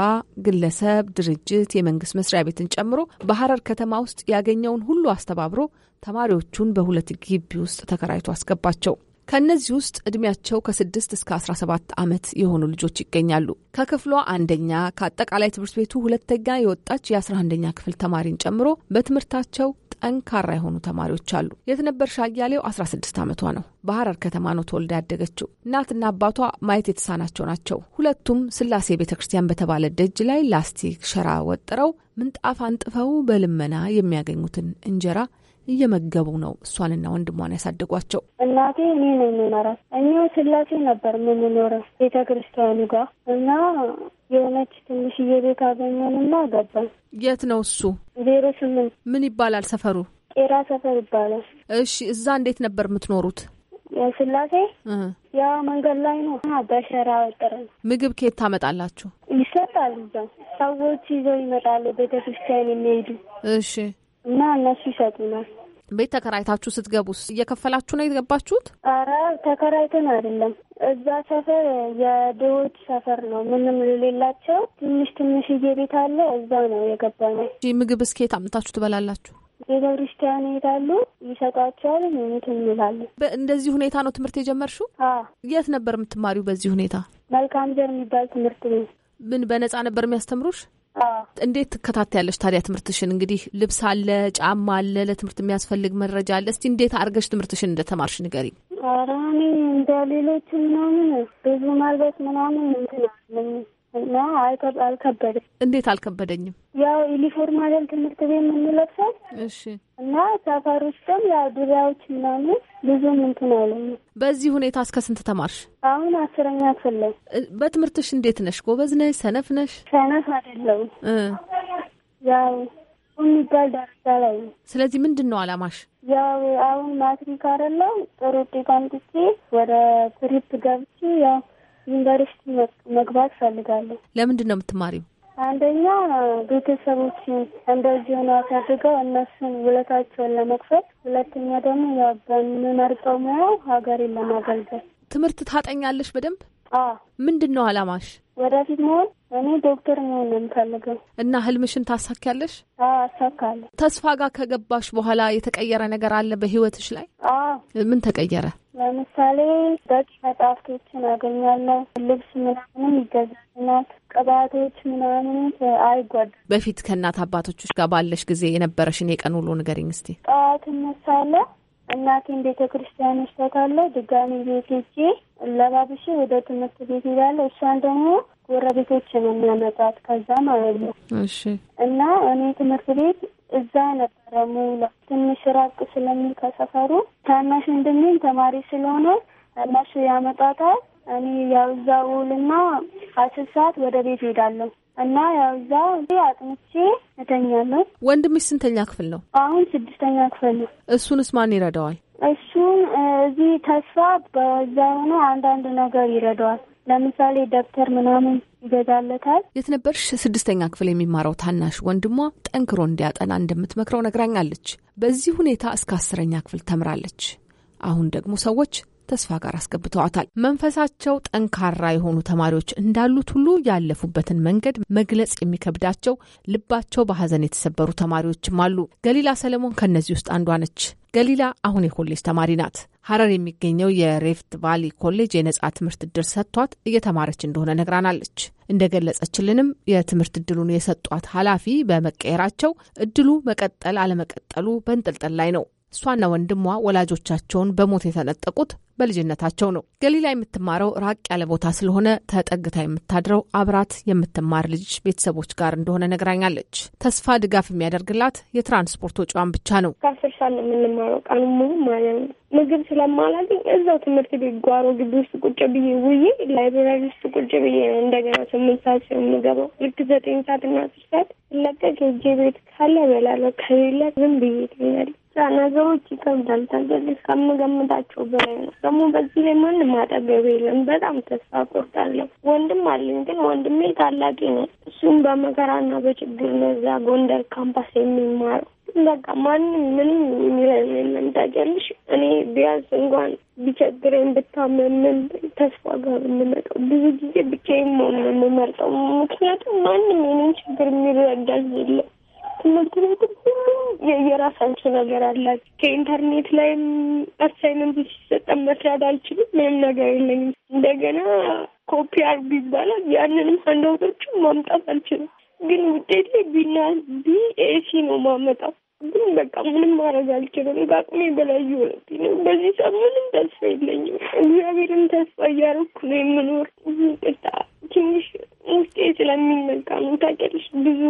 [SPEAKER 2] ግለሰብ፣ ድርጅት፣ የመንግስት መስሪያ ቤትን ጨምሮ በሐረር ከተማ ውስጥ ያገኘውን ሁሉ አስተባብሮ ተማሪዎቹን በሁለት ግቢ ውስጥ ተከራይቶ አስገባቸው። ከእነዚህ ውስጥ እድሜያቸው ከስድስት እስከ አስራ ሰባት ዓመት የሆኑ ልጆች ይገኛሉ። ከክፍሏ አንደኛ ከአጠቃላይ ትምህርት ቤቱ ሁለተኛ የወጣች የአስራ አንደኛ ክፍል ተማሪን ጨምሮ በትምህርታቸው ጠንካራ የሆኑ ተማሪዎች አሉ። የትነበርሽ አያሌው 16 ዓመቷ ነው። በሐረር ከተማ ነው ተወልዳ ያደገችው። እናትና አባቷ ማየት የተሳናቸው ናቸው። ሁለቱም ስላሴ ቤተ ክርስቲያን በተባለ ደጅ ላይ ላስቲክ ሸራ ወጥረው ምንጣፍ አንጥፈው በልመና የሚያገኙትን እንጀራ እየመገቡ ነው እሷንና ወንድሟን ያሳደጓቸው።
[SPEAKER 4] እናቴ እኔ ነው የምመራት። እኛው ስላሴ ነበር የምንኖረው ቤተ ክርስቲያኑ ጋር እና የሆነች ትንሽዬ ቤት አገኘንና ገባን።
[SPEAKER 2] የት ነው እሱ? ዜሮ ስምንት ምን ይባላል ሰፈሩ? ቄራ
[SPEAKER 4] ሰፈር ይባላል።
[SPEAKER 2] እሺ፣ እዛ እንዴት ነበር የምትኖሩት? የስላሴ
[SPEAKER 4] ያ መንገድ ላይ ነው። በሸራ ጥር
[SPEAKER 2] ምግብ ከየት ታመጣላችሁ?
[SPEAKER 4] ይሰጣል። እዛ ሰዎች ይዘው ይመጣሉ፣ ቤተክርስቲያን የሚሄዱ እሺ። እና እነሱ ይሰጡናል።
[SPEAKER 2] ቤት ተከራይታችሁ ስትገቡስ እየከፈላችሁ ነው የገባችሁት?
[SPEAKER 4] አረ ተከራይተን አይደለም። እዛ ሰፈር የድሆች ሰፈር ነው፣ ምንም ልሌላቸው ትንሽ ትንሽዬ ቤት አለ። እዛ ነው የገባ ነው።
[SPEAKER 2] ምግብ እስኪ የት አምታችሁ ትበላላችሁ?
[SPEAKER 4] ቤተ ክርስቲያን ይሄዳሉ፣ ይሰጧቸዋል። ምት እንላለን። እንደዚህ ሁኔታ ነው ትምህርት የጀመርሽው? የት
[SPEAKER 2] ነበር የምትማሪው? በዚህ ሁኔታ መልካም ዘር የሚባል ትምህርት ነው። ምን በነጻ ነበር የሚያስተምሩሽ? እንዴት ትከታተያለሽ ታዲያ ትምህርትሽን? እንግዲህ ልብስ አለ፣ ጫማ አለ፣ ለትምህርት የሚያስፈልግ መረጃ አለ። እስቲ እንዴት አድርገሽ ትምህርትሽን እንደተማርሽ ንገሪኝ።
[SPEAKER 4] ኧረ እኔ እንደ ሌሎቹ ምናምን ብዙ ማልበት ምናምን እንትን አልከበደኝ። እንዴት አልከበደኝም? ያው ዩኒፎርም አይደል ትምህርት ቤት የምንለብሰው። እሺ። እና ሰፈር ውስጥም ያ ዱሪያዎች ምናምን ብዙም እንትን አይልም።
[SPEAKER 2] በዚህ ሁኔታ እስከ ስንት
[SPEAKER 4] ተማርሽ? አሁን አስረኛ ክፍል በትምህርትሽ እንዴት ነሽ? ጎበዝ ነሽ? ሰነፍ ነሽ? ሰነፍ አይደለሁም። ያው የሚባል ደረጃ ላይ ነው።
[SPEAKER 2] ስለዚህ ምንድን ነው አላማሽ?
[SPEAKER 4] ያው አሁን ማትሪክ አይደለሁ ጥሩ ውጤት አምጥቼ ወደ ትሪፕ ገብቼ ያው ዩኒቨርሲቲ መግባት ፈልጋለሁ።
[SPEAKER 2] ለምንድን ነው የምትማሪው?
[SPEAKER 4] አንደኛ ቤተሰቦች እንደዚህ ሆነ አሳድገው እነሱን ውለታቸውን ለመክፈል፣ ሁለተኛ ደግሞ ያው በምመርጠው ሙያው ሀገሬን ለማገልገል። ትምህርት ታጠኛለሽ በደንብ? ምንድን ነው አላማሽ? ወደፊት መሆን እኔ ዶክተር መሆን ነው የምፈልገው።
[SPEAKER 2] እና ህልምሽን ታሳኪያለሽ? አሳካለሁ። ተስፋ ጋር ከገባሽ በኋላ የተቀየረ ነገር አለ በህይወትሽ ላይ? ምን ተቀየረ?
[SPEAKER 4] ለምሳሌ በቂ መጽሐፍቶችን አገኛለሁ። ልብስ ምናምንም ይገዛልናል። ቅባቶች ምናምን አይጓድም።
[SPEAKER 2] በፊት ከእናት አባቶች ጋር ባለሽ ጊዜ የነበረሽን የቀን ውሎ ንገሪኝ እስቲ።
[SPEAKER 4] ጠዋት እነሳለሁ። እናቴን ቤተ ክርስቲያን ይሸታለሁ። ድጋሚ ቤት ሄጄ ለባብሼ ወደ ትምህርት ቤት ሄዳለሁ። እሷን ደግሞ ጎረቤቶች ነው የሚያመጣት ከዛ ማለት ነው። እሺ እና እኔ ትምህርት ቤት እዛ ነበረ ሙሉ ትንሽ ራቅ ስለሚል ከሰፈሩ ታናሽ ወንድሜም ተማሪ ስለሆነ ታናሽ ያመጣታል። እኔ ያው እዛ ውልና አስር ሰዓት ወደ ቤት ሄዳለሁ እና ያው እዛ አጥንቼ እተኛለሁ። ወንድምሽ ስንተኛ ክፍል ነው? አሁን ስድስተኛ ክፍል ነው። እሱንስ ማን ይረዳዋል? እሱን እዚህ ተስፋ በዛ የሆነ አንዳንድ ነገር ይረዳዋል። ለምሳሌ ደብተር ምናምን ይገዛለታል። የት ነበርሽ? ስድስተኛ
[SPEAKER 2] ክፍል የሚማረው ታናሽ ወንድሟ ጠንክሮ እንዲያጠና እንደምትመክረው ነግራኛለች። በዚህ ሁኔታ እስከ አስረኛ ክፍል ተምራለች። አሁን ደግሞ ሰዎች ተስፋ ጋር አስገብተዋታል። መንፈሳቸው ጠንካራ የሆኑ ተማሪዎች እንዳሉት ሁሉ ያለፉበትን መንገድ መግለጽ የሚከብዳቸው ልባቸው በሐዘን የተሰበሩ ተማሪዎችም አሉ። ገሊላ ሰለሞን ከእነዚህ ውስጥ አንዷ ነች። ገሊላ አሁን የኮሌጅ ተማሪ ናት። ሀረር የሚገኘው የሬፍት ቫሊ ኮሌጅ የነጻ ትምህርት እድል ሰጥቷት እየተማረች እንደሆነ ነግራናለች። እንደገለጸችልንም የትምህርት እድሉን የሰጧት ኃላፊ በመቀየራቸው እድሉ መቀጠል አለመቀጠሉ በእንጥልጥል ላይ ነው። እሷና ወንድሟ ወላጆቻቸውን በሞት የተነጠቁት በልጅነታቸው ነው። ገሊላ የምትማረው ራቅ ያለ ቦታ ስለሆነ ተጠግታ የምታድረው አብራት የምትማር ልጅ ቤተሰቦች ጋር እንደሆነ ነግራኛለች። ተስፋ ድጋፍ የሚያደርግላት የትራንስፖርት ወጪዋን ብቻ ነው።
[SPEAKER 3] ከአስር ሰዓት ነው የምንማረው ቀኑ ሙሉ ማለት ነው። ምግብ ስለማላገኝ እዛው ትምህርት ቤት ጓሮ ግቢ ውስጥ ቁጭ ብዬ ውዬ ላይብራሪ ውስጥ ቁጭ ብዬ ነው እንደገና ስምንት ሰዓት ሲሆን የምገባው። ልክ ዘጠኝ ሰዓት እና አስር ሰዓት ለቀቅ ሄጄ ቤት ካለ እበላለሁ ከሌለ ዝም ብዬ ትኛለሁ። ብቻ ነገሮች ይከብዳል። ተገል ከምገምታቸው በላይ ነው። ደግሞ በዚህ ላይ ማንም አጠገብ የለም። በጣም ተስፋ ቆርጣለሁ። ወንድም አለኝ፣ ግን ወንድሜ ታላቂ ነው። እሱም በመከራና በችግር ነው እዛ ጎንደር ካምፓስ የሚማረው። በቃ ማንም ምንም የሚለን የለም። ታውቂያለሽ፣ እኔ ቢያንስ እንኳን ቢቸግረኝ ብታመምን ተስፋ ጋር ብንመጣው ብዙ ጊዜ ብቻዬን መሆን ነው የምመርጠው። ምክንያቱም ማንም የኔን ችግር የሚረዳ የለም። ትምህርት ቤትም ሁሉም የየራሳቸው ነገር አላት። ከኢንተርኔት ላይም አሳይመንት ሲሰጠን መስራት አልችልም። ምንም ነገር የለኝም። እንደገና ኮፒ አርጉ ይባላል። ያንንም አንዳውቶቹ ማምጣት አልችልም። ግን ውጤቴ ቢና ቢኤሲ ነው ማመጣው። ግን በቃ ምንም ማድረግ አልችልም። በአቅሜ በላይ የሆነብኝ ነው። በዚህ ሰዓት ምንም ተስፋ የለኝም። እግዚአብሔርን ተስፋ እያደረኩ ነው የምኖር። ቅጣ ትንሽ ውስጤ ስለሚነካ ነው። ታውቂያለሽ ብዙ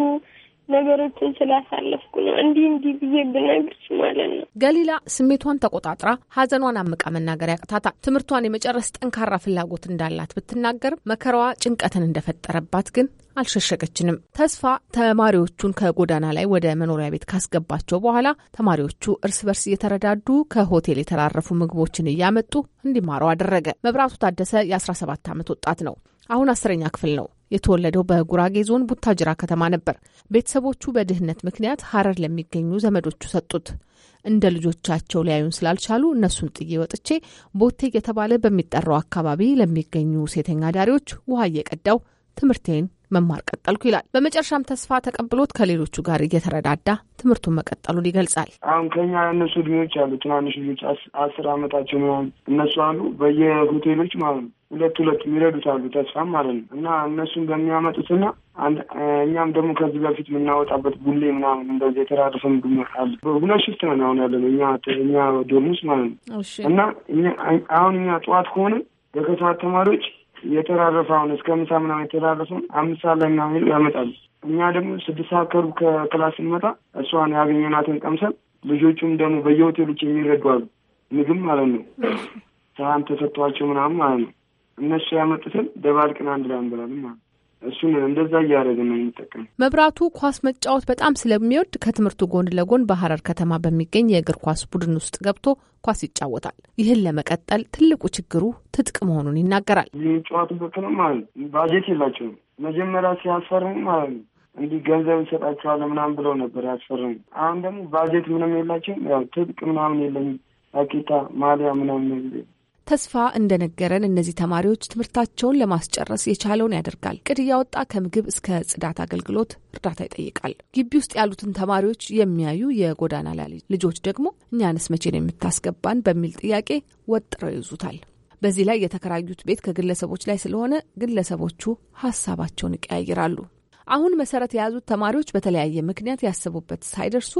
[SPEAKER 3] ነገሮችን ስላሳለፍኩ ነው። እንዲህ እንዲህ ብዬ ብነግርሽ ማለት ነው።
[SPEAKER 2] ገሊላ ስሜቷን ተቆጣጥራ ሀዘኗን አምቃ መናገር ያቅታታል። ትምህርቷን የመጨረስ ጠንካራ ፍላጎት እንዳላት ብትናገርም መከራዋ ጭንቀትን እንደፈጠረባት ግን አልሸሸገችንም። ተስፋ ተማሪዎቹን ከጎዳና ላይ ወደ መኖሪያ ቤት ካስገባቸው በኋላ ተማሪዎቹ እርስ በርስ እየተረዳዱ ከሆቴል የተራረፉ ምግቦችን እያመጡ እንዲማረው አደረገ። መብራቱ ታደሰ የ17 ዓመት ወጣት ነው። አሁን አስረኛ ክፍል ነው። የተወለደው በጉራጌ ዞን ቡታጅራ ከተማ ነበር። ቤተሰቦቹ በድህነት ምክንያት ሀረር ለሚገኙ ዘመዶቹ ሰጡት። እንደ ልጆቻቸው ሊያዩን ስላልቻሉ እነሱን ጥዬ ወጥቼ ቦቴ የተባለ በሚጠራው አካባቢ ለሚገኙ ሴተኛ ዳሪዎች ውሃ እየቀዳው ትምህርቴን መማር ቀጠልኩ ይላል። በመጨረሻም ተስፋ ተቀብሎት ከሌሎቹ ጋር እየተረዳዳ ትምህርቱን መቀጠሉን ይገልጻል።
[SPEAKER 7] አሁን ከኛ ያነሱ ልጆች አሉ። ትናንሽ ልጆች አስር አመታቸው ምናምን እነሱ አሉ በየሆቴሎች ማለት ነው ሁለት ሁለት የሚረዱት አሉ ተስፋም ማለት ነው እና እነሱን በሚያመጡትና እኛም ደግሞ ከዚህ በፊት የምናወጣበት ቡሌ ምናምን እንደዚህ የተራረፈ ምግብ አለ። ሁለት ሽፍት ነን አሁን ያለ ነው እኛ እኛ ዶርም ውስጥ ማለት
[SPEAKER 10] ነው እና
[SPEAKER 7] አሁን እኛ ጠዋት ከሆነ የከሰዓት ተማሪዎች የተራረፈውን እስከ ምሳ ምናምን የተራረፈውን አምስት ሰዓት ላይ ምናምን ያመጣሉ። እኛ ደግሞ ስድስት ሰዓት ከሩብ ከክላስ ስንመጣ እሷን ያገኘናትን ቀምሰን ልጆቹም ደግሞ በየሆቴሎች የሚረዱ አሉ ምግብ ማለት ነው ሰሀን ተሰጥቷቸው ምናምን ማለት ነው። እነሱ ያመጡትን ደባልቅን አንድ ላይ እንበላለን ማለት ነው። እሱን እንደዛ እያደረግን ነው የሚጠቀም።
[SPEAKER 2] መብራቱ ኳስ መጫወት በጣም ስለሚወድ ከትምህርቱ ጎን ለጎን በሀረር ከተማ በሚገኝ የእግር ኳስ ቡድን ውስጥ ገብቶ ኳስ ይጫወታል። ይህን ለመቀጠል ትልቁ ችግሩ ትጥቅ መሆኑን
[SPEAKER 7] ይናገራል። የሚጫወቱበት በትንም ማለት ባጀት የላቸውም። መጀመሪያ ሲያስፈርሙ ማለት ነው እንዲህ ገንዘብ እንሰጣቸዋለን ምናምን ብለው ነበር ያስፈርሙ። አሁን ደግሞ ባጀት ምንም የላቸውም። ያው ትጥቅ ምናምን የለኝ አቂታ ማሊያ ምናምን
[SPEAKER 2] ተስፋ እንደነገረን እነዚህ ተማሪዎች ትምህርታቸውን ለማስጨረስ የቻለውን ያደርጋል። ቅድ እያወጣ ከምግብ እስከ ጽዳት አገልግሎት እርዳታ ይጠይቃል። ግቢ ውስጥ ያሉትን ተማሪዎች የሚያዩ የጎዳና ላይ ልጆች ደግሞ እኛንስ መቼን የምታስገባን በሚል ጥያቄ ወጥረው ይዙታል። በዚህ ላይ የተከራዩት ቤት ከግለሰቦች ላይ ስለሆነ ግለሰቦቹ ሀሳባቸውን ይቀያይራሉ። አሁን መሰረት የያዙት ተማሪዎች በተለያየ ምክንያት ያሰቡበት ሳይደርሱ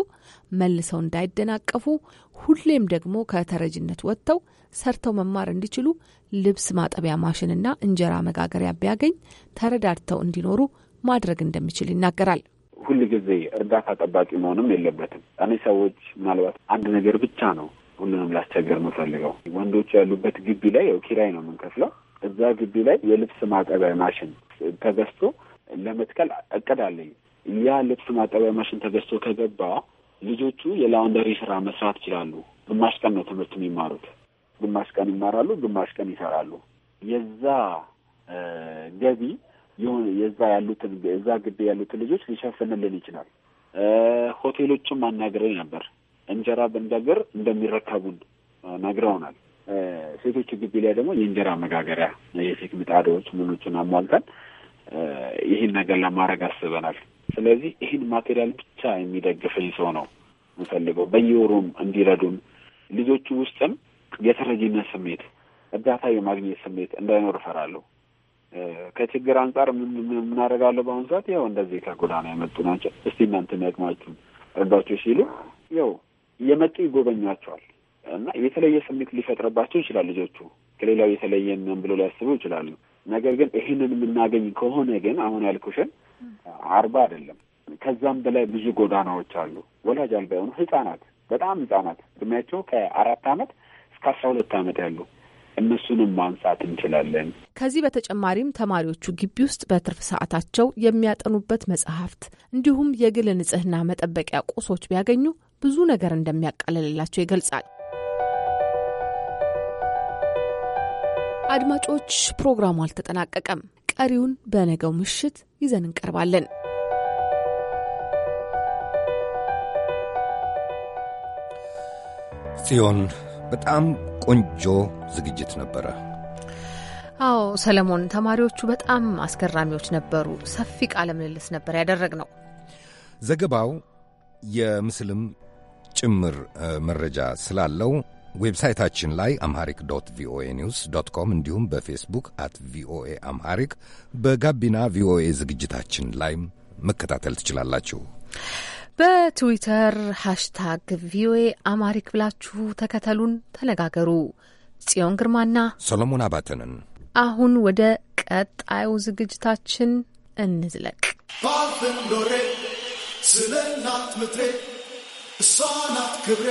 [SPEAKER 2] መልሰው እንዳይደናቀፉ ሁሌም ደግሞ ከተረጅነት ወጥተው ሰርተው መማር እንዲችሉ ልብስ ማጠቢያ ማሽንና እንጀራ መጋገሪያ ቢያገኝ ተረዳድተው እንዲኖሩ ማድረግ እንደሚችል ይናገራል።
[SPEAKER 8] ሁል ጊዜ እርዳታ ጠባቂ መሆንም የለበትም። እኔ ሰዎች ምናልባት አንድ ነገር ብቻ ነው ሁሉንም ላስቸገር የምፈልገው። ወንዶች ያሉበት ግቢ ላይ ያው ኪራይ ነው የምንከፍለው። እዛ ግቢ ላይ የልብስ ማጠቢያ ማሽን ተገዝቶ ለመትከል እቅድ አለኝ። ያ ልብስ ማጠቢያ ማሽን ተገዝቶ ከገባ ልጆቹ የላውንደሪ ስራ መስራት ይችላሉ። ግማሽ ቀን ነው ትምህርት የሚማሩት፣ ግማሽ ቀን ይማራሉ፣ ግማሽ ቀን ይሰራሉ። የዛ ገቢ የሆነ የዛ ያሉትን እዛ ግቢ ያሉትን ልጆች ሊሸፍንልን ይችላል። ሆቴሎቹም አናግረኝ ነበር። እንጀራ ብንጋግር እንደሚረከቡን ነግረውናል። ሴቶቹ ግቢ ላይ ደግሞ የእንጀራ መጋገሪያ የሴክ ምጣዶች ምኖቹን አሟልተን ይህን ነገር ለማድረግ አስበናል። ስለዚህ ይህን ማቴሪያል ብቻ የሚደግፍን ሰው ነው ምፈልገው በየወሩም እንዲረዱን ልጆቹ ውስጥም የተረጂነት ስሜት፣ እርዳታ የማግኘት ስሜት እንዳይኖር እፈራለሁ። ከችግር አንጻር የምናደርጋለሁ። በአሁኑ ሰዓት ያው እንደዚህ ከጎዳና የመጡ ናቸው። እስቲ እናንተ የሚያቅማችሁን እርዷቸው ሲሉ ያው እየመጡ ይጎበኟቸዋል እና የተለየ ስሜት ሊፈጥርባቸው ይችላል። ልጆቹ ከሌላው የተለየ ነን ብሎ ሊያስቡ ይችላሉ። ነገር ግን ይህንን የምናገኝ ከሆነ ግን አሁን ያልኩሽን አርባ አይደለም ከዛም በላይ ብዙ ጎዳናዎች አሉ። ወላጅ አልባ የሆኑ ህጻናት፣ በጣም ህጻናት እድሜያቸው ከአራት አመት እስከ አስራ ሁለት አመት ያሉ እነሱንም ማንሳት እንችላለን።
[SPEAKER 2] ከዚህ በተጨማሪም ተማሪዎቹ ግቢ ውስጥ በትርፍ ሰዓታቸው የሚያጠኑበት መጽሐፍት እንዲሁም የግል ንጽህና መጠበቂያ ቁሶች ቢያገኙ ብዙ ነገር እንደሚያቃለልላቸው ይገልጻል። አድማጮች፣ ፕሮግራሙ አልተጠናቀቀም። ቀሪውን በነገው ምሽት ይዘን እንቀርባለን።
[SPEAKER 1] ጽዮን፣ በጣም ቆንጆ ዝግጅት ነበረ።
[SPEAKER 2] አዎ ሰለሞን፣ ተማሪዎቹ በጣም አስገራሚዎች ነበሩ። ሰፊ ቃለ ምልልስ ነበር
[SPEAKER 1] ነው። ዘገባው የምስልም ጭምር መረጃ ስላለው ዌብሳይታችን ላይ አምሃሪክ ዶት ቪኦኤ ኒውስ ዶት ኮም እንዲሁም በፌስቡክ አት ቪኦኤ አምሃሪክ በጋቢና ቪኦኤ ዝግጅታችን ላይም መከታተል ትችላላችሁ።
[SPEAKER 2] በትዊተር ሃሽታግ ቪኦኤ አማሪክ ብላችሁ ተከተሉን፣ ተነጋገሩ። ጽዮን ግርማና
[SPEAKER 1] ሰሎሞን አባተንን።
[SPEAKER 2] አሁን ወደ ቀጣዩ ዝግጅታችን እንዝለቅ።
[SPEAKER 5] ባፍንዶሬ ስለናት ምትሬ እሷ ክብሬ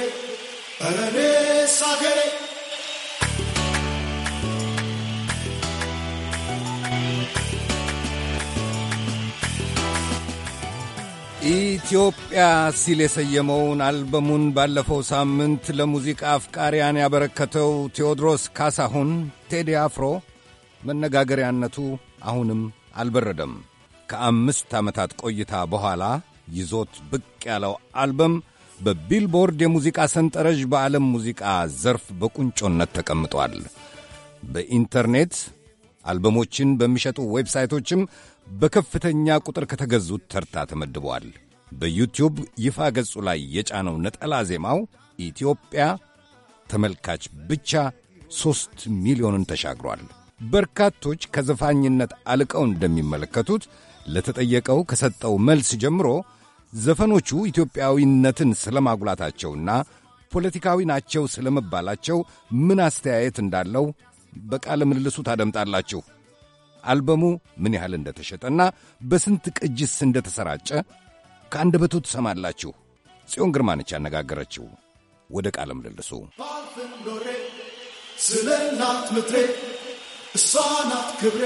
[SPEAKER 1] ኢትዮጵያ ሲል የሰየመውን አልበሙን ባለፈው ሳምንት ለሙዚቃ አፍቃሪያን ያበረከተው ቴዎድሮስ ካሳሁን ቴዲ አፍሮ መነጋገሪያነቱ አሁንም አልበረደም። ከአምስት ዓመታት ቆይታ በኋላ ይዞት ብቅ ያለው አልበም በቢልቦርድ የሙዚቃ ሰንጠረዥ በዓለም ሙዚቃ ዘርፍ በቁንጮነት ተቀምጧል። በኢንተርኔት አልበሞችን በሚሸጡ ዌብሳይቶችም በከፍተኛ ቁጥር ከተገዙት ተርታ ተመድቧል። በዩቲዩብ ይፋ ገጹ ላይ የጫነው ነጠላ ዜማው ኢትዮጵያ ተመልካች ብቻ ሦስት ሚሊዮንን ተሻግሯል። በርካቶች ከዘፋኝነት አልቀው እንደሚመለከቱት ለተጠየቀው ከሰጠው መልስ ጀምሮ ዘፈኖቹ ኢትዮጵያዊነትን ስለማጉላታቸውና ፖለቲካዊ ናቸው ስለመባላቸው ምን አስተያየት እንዳለው በቃለ ምልልሱ ታደምጣላችሁ። አልበሙ ምን ያህል እንደተሸጠና በስንት ቅጅስ እንደተሰራጨ ከአንደበቱ ትሰማላችሁ። ጽዮን ግርማ ነች ያነጋገረችው። ወደ ቃለ ምልልሱ
[SPEAKER 5] ስለ እናት ምድሬ እሷ ናት ክብሬ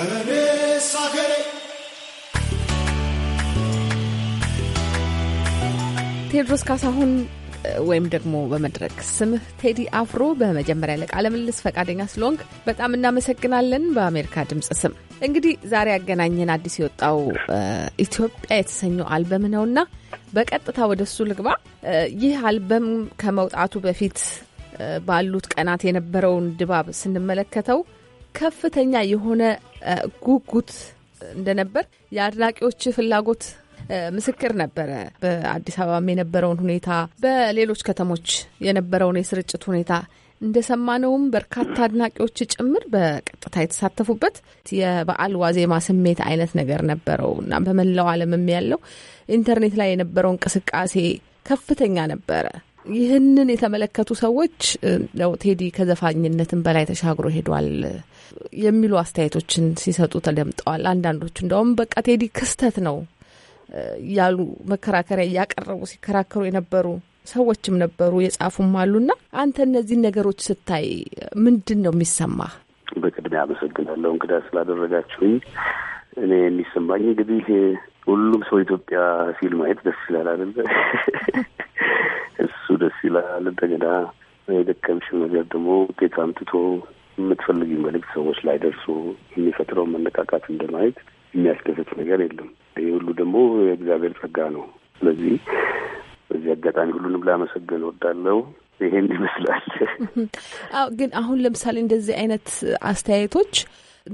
[SPEAKER 5] እኔ ሳገሬ
[SPEAKER 2] ቴዎድሮስ ካሳሁን ወይም ደግሞ በመድረክ ስምህ ቴዲ አፍሮ፣ በመጀመሪያ ለቃለ ምልልስ ፈቃደኛ ስለሆንክ በጣም እናመሰግናለን። በአሜሪካ ድምፅ ስም እንግዲህ ዛሬ ያገናኘን አዲስ የወጣው ኢትዮጵያ የተሰኘው አልበም ነውና በቀጥታ ወደ እሱ ልግባ። ይህ አልበም ከመውጣቱ በፊት ባሉት ቀናት የነበረውን ድባብ ስንመለከተው ከፍተኛ የሆነ ጉጉት እንደነበር የአድናቂዎች ፍላጎት ምስክር ነበረ። በአዲስ አበባም የነበረውን ሁኔታ፣ በሌሎች ከተሞች የነበረውን የስርጭት ሁኔታ እንደሰማነውም በርካታ አድናቂዎች ጭምር በቀጥታ የተሳተፉበት የበዓል ዋዜማ ስሜት አይነት ነገር ነበረው እና በመላው ዓለምም ያለው ኢንተርኔት ላይ የነበረው እንቅስቃሴ ከፍተኛ ነበረ። ይህንን የተመለከቱ ሰዎች ው ቴዲ ከዘፋኝነትም በላይ ተሻግሮ ሄዷል የሚሉ አስተያየቶችን ሲሰጡ ተደምጠዋል። አንዳንዶቹ እንደውም በቃ ቴዲ ክስተት ነው ያሉ መከራከሪያ እያቀረቡ ሲከራከሩ የነበሩ ሰዎችም ነበሩ፣ የጻፉም አሉና አንተ እነዚህን ነገሮች ስታይ ምንድን ነው የሚሰማ?
[SPEAKER 6] በቅድሚያ አመሰግናለሁ እንግዳ ስላደረጋችሁኝ። እኔ የሚሰማኝ እንግዲህ ሁሉም ሰው ኢትዮጵያ ሲል ማየት ደስ ይላል አይደለ? እሱ ደስ ይላል። እንደገና የደከምሽው ነገር ደግሞ ውጤት አምጥቶ የምትፈልጊ መልእክት ሰዎች ላይ ደርሶ የሚፈጥረው መነቃቃት እንደማየት የሚያስደስት ነገር የለም። ይህ ሁሉ ደግሞ የእግዚአብሔር ጸጋ ነው። ስለዚህ በዚህ አጋጣሚ ሁሉንም ላመሰግን ወዳለው ይሄን ይመስላል።
[SPEAKER 2] አዎ፣ ግን አሁን ለምሳሌ እንደዚህ አይነት አስተያየቶች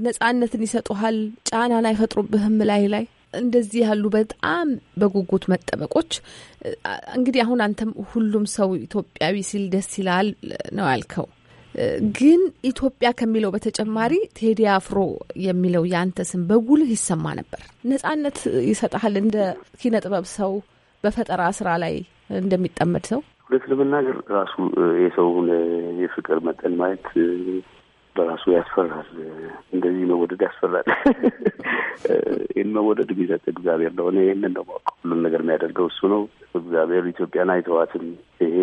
[SPEAKER 2] ነጻነትን ይሰጡሃል፣ ጫናን አይፈጥሩብህም ላይ ላይ እንደዚህ ያሉ በጣም በጉጉት መጠበቆች እንግዲህ አሁን አንተም ሁሉም ሰው ኢትዮጵያዊ ሲል ደስ ይላል ነው ያልከው። ግን ኢትዮጵያ ከሚለው በተጨማሪ ቴዲ አፍሮ የሚለው የአንተ ስም በጉልህ ይሰማ ነበር። ነጻነት ይሰጠሃል እንደ ኪነ ጥበብ ሰው በፈጠራ ስራ ላይ እንደሚጠመድ ሰው።
[SPEAKER 6] ሁለት ለመናገር ራሱ የሰውን የፍቅር መጠን ማየት በራሱ ያስፈራል። እንደዚህ መወደድ ያስፈራል። ይህን መወደድ የሚሰጥ እግዚአብሔር ነው። እኔ ይህንን ነው የማውቀው። ሁሉም ነገር የሚያደርገው እሱ ነው። እግዚአብሔር ኢትዮጵያን አይተዋትም። ይሄ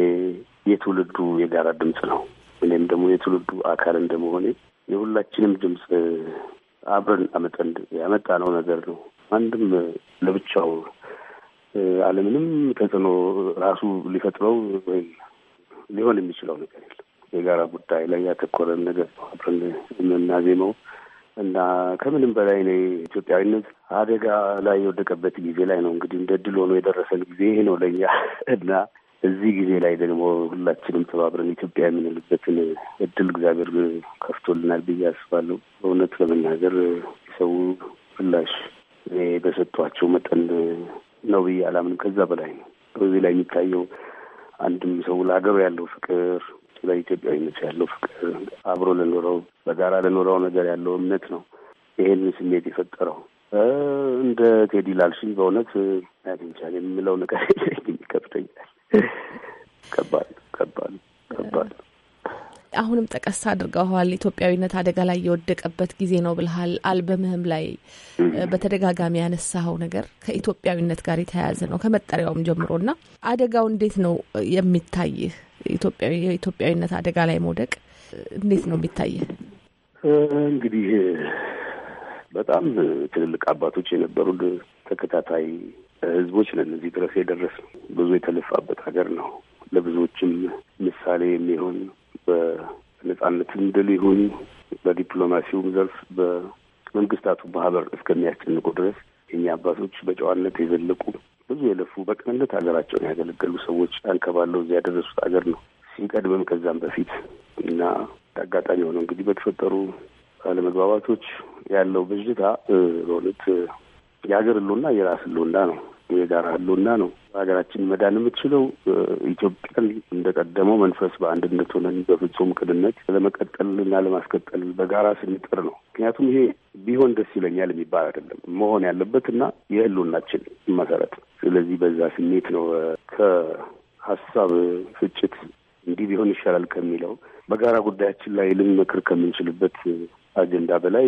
[SPEAKER 6] የትውልዱ የጋራ ድምፅ ነው። እኔም ደግሞ የትውልዱ አካል እንደመሆኔ የሁላችንም ድምፅ አብረን አመጠን ያመጣነው ነገር ነው። አንድም ለብቻው አለምንም ተጽዕኖ ራሱ ሊፈጥረው ወይም ሊሆን የሚችለው ነገር የለም። የጋራ ጉዳይ ላይ ያተኮረን ነገር ነው አብረን የምናዜመው እና ከምንም በላይ እኔ ኢትዮጵያዊነት አደጋ ላይ የወደቀበት ጊዜ ላይ ነው እንግዲህ እንደ ድል ሆኖ የደረሰን ጊዜ ይሄ ነው ለኛ እና እዚህ ጊዜ ላይ ደግሞ ሁላችንም ተባብረን ኢትዮጵያ የምንልበትን እድል እግዚአብሔር ከፍቶልናል ብዬ አስባለሁ። በእውነት ለመናገር የሰው ምላሽ እኔ በሰጧቸው መጠን ነው ብዬ አላምንም። ከዛ በላይ ነው። በዚህ ላይ የሚታየው አንድም ሰው ለሀገሩ ያለው ፍቅር፣ ለኢትዮጵያዊነት ያለው ፍቅር፣ አብሮ ለኖረው በጋራ ለኖረው ነገር ያለው እምነት ነው ይሄንን ስሜት የፈጠረው። እንደ ቴዲ ላልሽኝ በእውነት ያገንቻል የምለው ነገር ይከብደኛል። ከባድ ከባድ
[SPEAKER 2] ከባድ አሁንም ጠቀስ አድርገዋል። ኢትዮጵያዊነት አደጋ ላይ የወደቀበት ጊዜ ነው ብልሃል። አልበምህም ላይ በተደጋጋሚ ያነሳኸው ነገር ከኢትዮጵያዊነት ጋር የተያያዘ ነው ከመጠሪያውም ጀምሮ እና አደጋው እንዴት ነው የሚታይህ? የኢትዮጵያዊነት አደጋ ላይ መውደቅ እንዴት ነው የሚታይህ?
[SPEAKER 6] እንግዲህ በጣም ትልልቅ አባቶች የነበሩ ተከታታይ ህዝቦች ነን እዚህ ድረስ የደረስነው። ብዙ የተለፋበት ሀገር ነው። ለብዙዎችም ምሳሌ የሚሆን በነጻነትም ድል ይሁን በዲፕሎማሲውም ዘርፍ በመንግስታቱ ማህበር እስከሚያስጨንቁ ድረስ የኛ አባቶች በጨዋነት የዘለቁ ብዙ የለፉ በቅንነት ሀገራቸውን ያገለገሉ ሰዎች አንከባለው እዚያ ያደረሱት ሀገር ነው ሲቀድምም ከዛም በፊት እና አጋጣሚ ሆነው እንግዲህ በተፈጠሩ አለመግባባቶች ያለው ብዥታ በእውነት የሀገር ህልውና የራስ ህልውና ነው። ጋር ህልውና ነው። በሀገራችን መዳን የምትችለው ኢትዮጵያን ቀደመው መንፈስ በአንድነት ሆነን በፍጹም ቅንነት ለመቀጠልና ለማስቀጠል በጋራ ስንጥር ነው። ምክንያቱም ይሄ ቢሆን ደስ ይለኛል የሚባል አይደለም መሆን ያለበት እና የህልውናችን መሰረት። ስለዚህ በዛ ስሜት ነው ከሀሳብ ፍጭት እንዲህ ቢሆን ይሻላል ከሚለው በጋራ ጉዳያችን ላይ ልንመክር ከምንችልበት አጀንዳ በላይ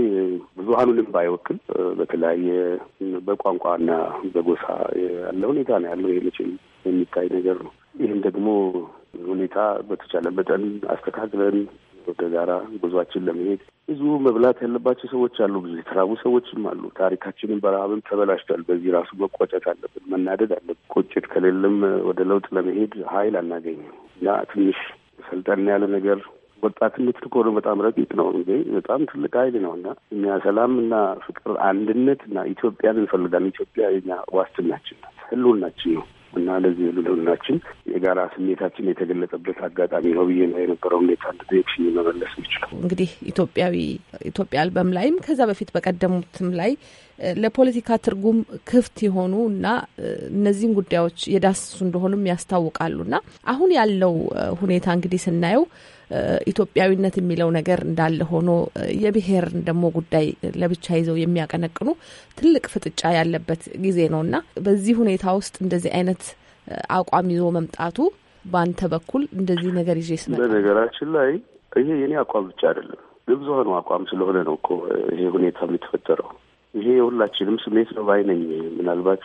[SPEAKER 6] ብዙሀኑንም ባይወክል በተለያየ በቋንቋና በጎሳ ያለ ሁኔታ ነው ያለው። ይሄ መቼም የሚታይ ነገር ነው። ይህም ደግሞ ሁኔታ በተቻለ መጠን አስተካክለን ወደ ጋራ ጉዟችን ለመሄድ ብዙ መብላት ያለባቸው ሰዎች አሉ። ብዙ የተራቡ ሰዎችም አሉ። ታሪካችንን በረሃብም ተበላሽቷል። በዚህ ራሱ መቆጨት አለብን፣ መናደድ አለብን። ቁጭት ከሌለም ወደ ለውጥ ለመሄድ ኃይል አናገኝም እና ትንሽ ሰልጠን ያለ ነገር ወጣትነት ከሆነ በጣም ረቂቅ ነው እንጂ በጣም ትልቅ ኃይል ነው እና እኛ ሰላም እና ፍቅር፣ አንድነት እና ኢትዮጵያን እንፈልጋለን። ኢትዮጵያ የኛ ዋስትናችን ናት፣ ህልውናችን ነው እና ለዚህ ህልውናችን የጋራ ስሜታችን የተገለጠበት አጋጣሚ ነው ብዬ ነው የነበረው ሁኔታ አንድ እንደዜክሽኝ መመለስ ይችላል።
[SPEAKER 2] እንግዲህ ኢትዮጵያዊ ኢትዮጵያ አልበም ላይም ከዛ በፊት በቀደሙትም ላይ ለፖለቲካ ትርጉም ክፍት የሆኑ እና እነዚህን ጉዳዮች የዳሰሱ እንደሆኑም ያስታውቃሉ። እና አሁን ያለው ሁኔታ እንግዲህ ስናየው ኢትዮጵያዊነት የሚለው ነገር እንዳለ ሆኖ የብሄር ደግሞ ጉዳይ ለብቻ ይዘው የሚያቀነቅኑ ትልቅ ፍጥጫ ያለበት ጊዜ ነው እና በዚህ ሁኔታ ውስጥ እንደዚህ አይነት አቋም ይዞ መምጣቱ በአንተ በኩል እንደዚህ ነገር ይዤ ስመጣ
[SPEAKER 6] በነገራችን ላይ ይሄ የኔ አቋም ብቻ አይደለም፣ የብዙሀኑ አቋም ስለሆነ ነው እኮ ይሄ ሁኔታ የተፈጠረው። ይሄ የሁላችንም ስሜት ነው ባይነኝ። ምናልባት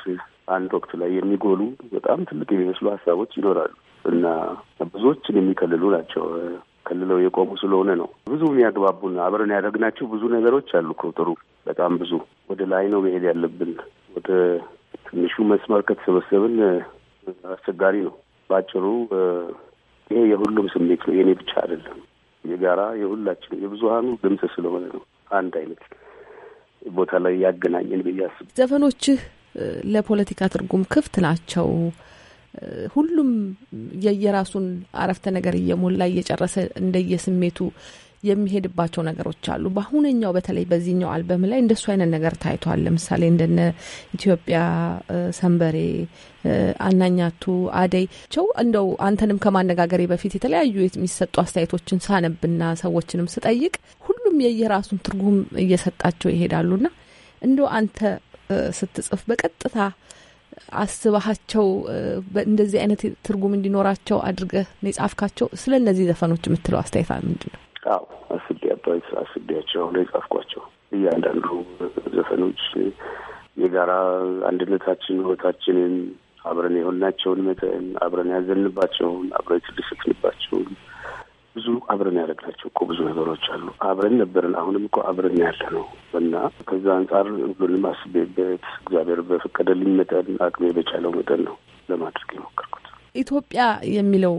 [SPEAKER 6] አንድ ወቅት ላይ የሚጎሉ በጣም ትልቅ የሚመስሉ ሀሳቦች ይኖራሉ እና ብዙዎችን የሚከልሉ ናቸው። ከልለው የቆሙ ስለሆነ ነው። ብዙ የሚያግባቡን አብረን ያደረግናቸው ብዙ ነገሮች አሉ። ከውጥሩ በጣም ብዙ ወደ ላይ ነው መሄድ ያለብን። ወደ ትንሹ መስመር ከተሰበሰብን አስቸጋሪ ነው። በአጭሩ ይሄ የሁሉም ስሜት ነው፣ የእኔ ብቻ አይደለም። የጋራ የሁላችን የብዙሀኑ ድምፅ ስለሆነ ነው አንድ አይነት ቦታ ላይ ያገናኘን ብዬ አስብ።
[SPEAKER 2] ዘፈኖችህ ለፖለቲካ ትርጉም ክፍት ናቸው። ሁሉም የየራሱን አረፍተ ነገር እየሞላ እየጨረሰ እንደየስሜቱ የሚሄድባቸው ነገሮች አሉ። በአሁነኛው በተለይ በዚህኛው አልበም ላይ እንደሱ አይነት ነገር ታይቷል። ለምሳሌ እንደነ ኢትዮጵያ ሰንበሬ፣ አናኛቱ፣ አደይ ቸው እንደው አንተንም ከማነጋገሬ በፊት የተለያዩ የሚሰጡ አስተያየቶችን ሳነብና ሰዎችንም ስጠይቅ ሁሉም የየራሱን ትርጉም እየሰጣቸው ይሄዳሉና እንደው አንተ ስትጽፍ በቀጥታ አስበሃቸው እንደዚህ አይነት ትርጉም እንዲኖራቸው አድርገህ ነው የጻፍካቸው? ስለ እነዚህ ዘፈኖች የምትለው አስተያየት ምንድን ነው?
[SPEAKER 6] አዎ አስቤያባይ አስቤያቸው ነው የጻፍኳቸው። እያንዳንዱ ዘፈኖች የጋራ አንድነታችን፣ ህይወታችንን፣ አብረን የሆናቸውን መጠን፣ አብረን ያዘንባቸውን፣ አብረን ትልስትንባቸውን ብዙ አብረን ያደረግናቸው እኮ ብዙ ነገሮች አሉ። አብረን ነበርን፣ አሁንም እኮ አብረን ያለ ነው እና ከዛ አንጻር ሁሉንም አስቤበት እግዚአብሔር በፈቀደልኝ መጠን አቅሜ በቻለው መጠን ነው ለማድረግ የሞከርኩት።
[SPEAKER 2] ኢትዮጵያ የሚለው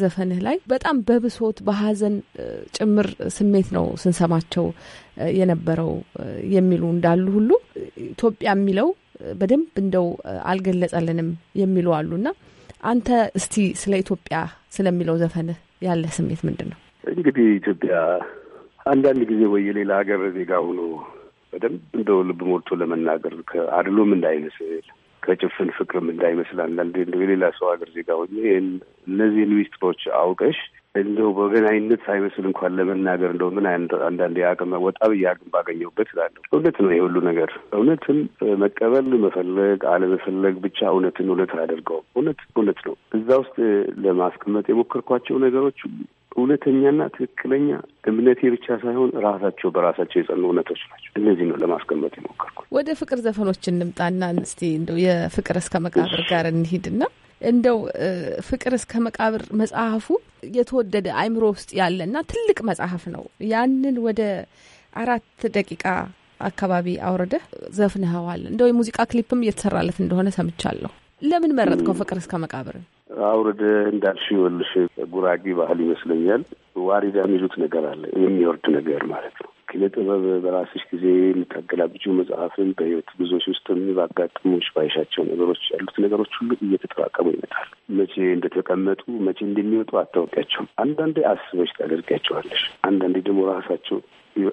[SPEAKER 2] ዘፈንህ ላይ በጣም በብሶት በሀዘን ጭምር ስሜት ነው ስንሰማቸው የነበረው የሚሉ እንዳሉ ሁሉ ኢትዮጵያ የሚለው በደንብ እንደው አልገለጸልንም የሚሉ አሉና አንተ እስቲ ስለ ኢትዮጵያ ስለሚለው ዘፈንህ ያለ ስሜት ምንድን ነው?
[SPEAKER 6] እንግዲህ ኢትዮጵያ አንዳንድ ጊዜ ወይ የሌላ ሀገር ዜጋ ሆኖ በደንብ እንደው ልብ ሞልቶ ለመናገር ከአድሎም እንዳይመስል ከጭፍን ፍቅርም እንዳይመስል አንዳንዴ እንደው የሌላ ሰው ሀገር ዜጋ ሆኜ ይህን እነዚህን ሚስጥሮች አውቀሽ እንደው በወገናዊነት ሳይመስል እንኳን ለመናገር እንደው ምን አንዳንድ የአቅም ወጣ ብዬ አቅም ባገኘሁበት እውነት ነው የሁሉ ነገር እውነትን መቀበል መፈለግ አለመፈለግ ብቻ እውነትን እውነት አያደርገውም። እውነት እውነት ነው። እዛ ውስጥ ለማስቀመጥ የሞከርኳቸው ነገሮች እውነተኛና ትክክለኛ እምነቴ ብቻ ሳይሆን ራሳቸው በራሳቸው የጸኑ እውነቶች ናቸው። እነዚህ ነው ለማስቀመጥ የሞከርኩት።
[SPEAKER 2] ወደ ፍቅር ዘፈኖች እንምጣና እስቲ እንደው የፍቅር እስከ መቃብር ጋር እንሂድና እንደው ፍቅር እስከ መቃብር መጽሐፉ የተወደደ አይምሮ ውስጥ ያለና ትልቅ መጽሐፍ ነው። ያንን ወደ አራት ደቂቃ አካባቢ አውርደህ ዘፍንኸዋል። እንደው የሙዚቃ ክሊፕም እየተሰራለት እንደሆነ ሰምቻለሁ። ለምን መረጥከው ፍቅር እስከ መቃብር?
[SPEAKER 6] አውርድ እንዳልሽ ይኸውልሽ፣ ጉራጌ ባህል ይመስለኛል። ዋሪዳ የሚሉት ነገር አለ የሚወርድ ነገር ማለት ነው ኪነ ጥበብ በራስሽ ጊዜ የምታገላብጁ መጽሐፍን በህይወት ጉዞች ውስጥም ባጋጥሞች ባይሻቸው ነገሮች ያሉት ነገሮች ሁሉ እየተጠራቀሙ ይመጣል። መቼ እንደተቀመጡ መቼ እንደሚወጡ አታውቂያቸውም። አንዳንዴ አስበሽ ታደርጊያቸዋለሽ፣ አንዳንዴ ደግሞ ራሳቸው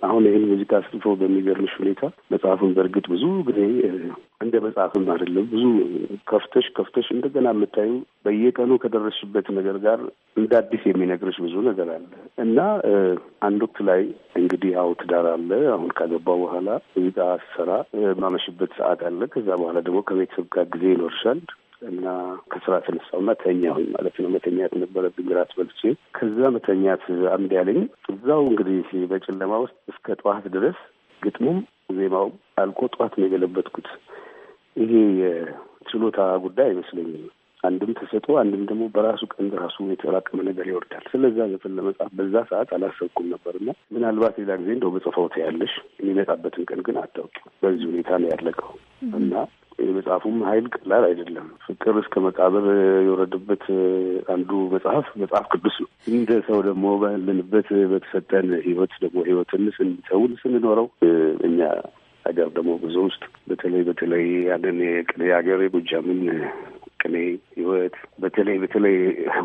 [SPEAKER 6] አሁን ይህን ሙዚቃ ስልፎ በሚገርምሽ ሁኔታ መጽሐፉን በእርግጥ ብዙ ጊዜ እንደ መጽሐፍም አይደለም ብዙ ከፍተሽ ከፍተሽ እንደገና የምታዩ በየቀኑ ከደረስሽበት ነገር ጋር እንደ አዲስ የሚነግርሽ ብዙ ነገር አለ እና አንድ ወቅት ላይ እንግዲህ ያው ትዳር አለ። አሁን ካገባው በኋላ ሙዚቃ ስሰራ ማመሽበት ሰዓት አለ። ከዛ በኋላ ደግሞ ከቤተሰብ ጋር ጊዜ ይኖርሻል። እና ከስራ መተኛ ተኛሁኝ ማለት ነው። መተኛት ነበረብኝ ራት በልቼ። ከዛ መተኛት አምድ ያለኝ እዛው እንግዲህ በጨለማ ውስጥ እስከ ጠዋት ድረስ ግጥሙም ዜማው አልቆ ጠዋት ነው የገለበጥኩት። ይሄ የችሎታ ጉዳይ አይመስለኝም። አንድም ተሰጦ አንድም ደግሞ በራሱ ቀን ራሱ የተራቀመ ነገር ይወርዳል። ስለዛ ዘፈን ለመጻፍ በዛ ሰዓት አላሰብኩም ነበርና ምናልባት ሌላ ጊዜ እንደው በጽፈው ታያለሽ የሚመጣበትን ቀን ግን አታውቂም። በዚህ ሁኔታ ነው ያለቀው እና የመጽሐፉም ኃይል ቀላል አይደለም። ፍቅር እስከ መቃብር የወረደበት አንዱ መጽሐፍ መጽሐፍ ቅዱስ ነው። እንደ ሰው ደግሞ ባለንበት በተሰጠን ህይወት ደግሞ ህይወትን ስንሰውን ስንኖረው እኛ ሀገር ደግሞ ብዙ ውስጥ በተለይ በተለይ ያንን የቅኔ ሀገር የጎጃምን መቀሌ ህይወት በተለይ በተለይ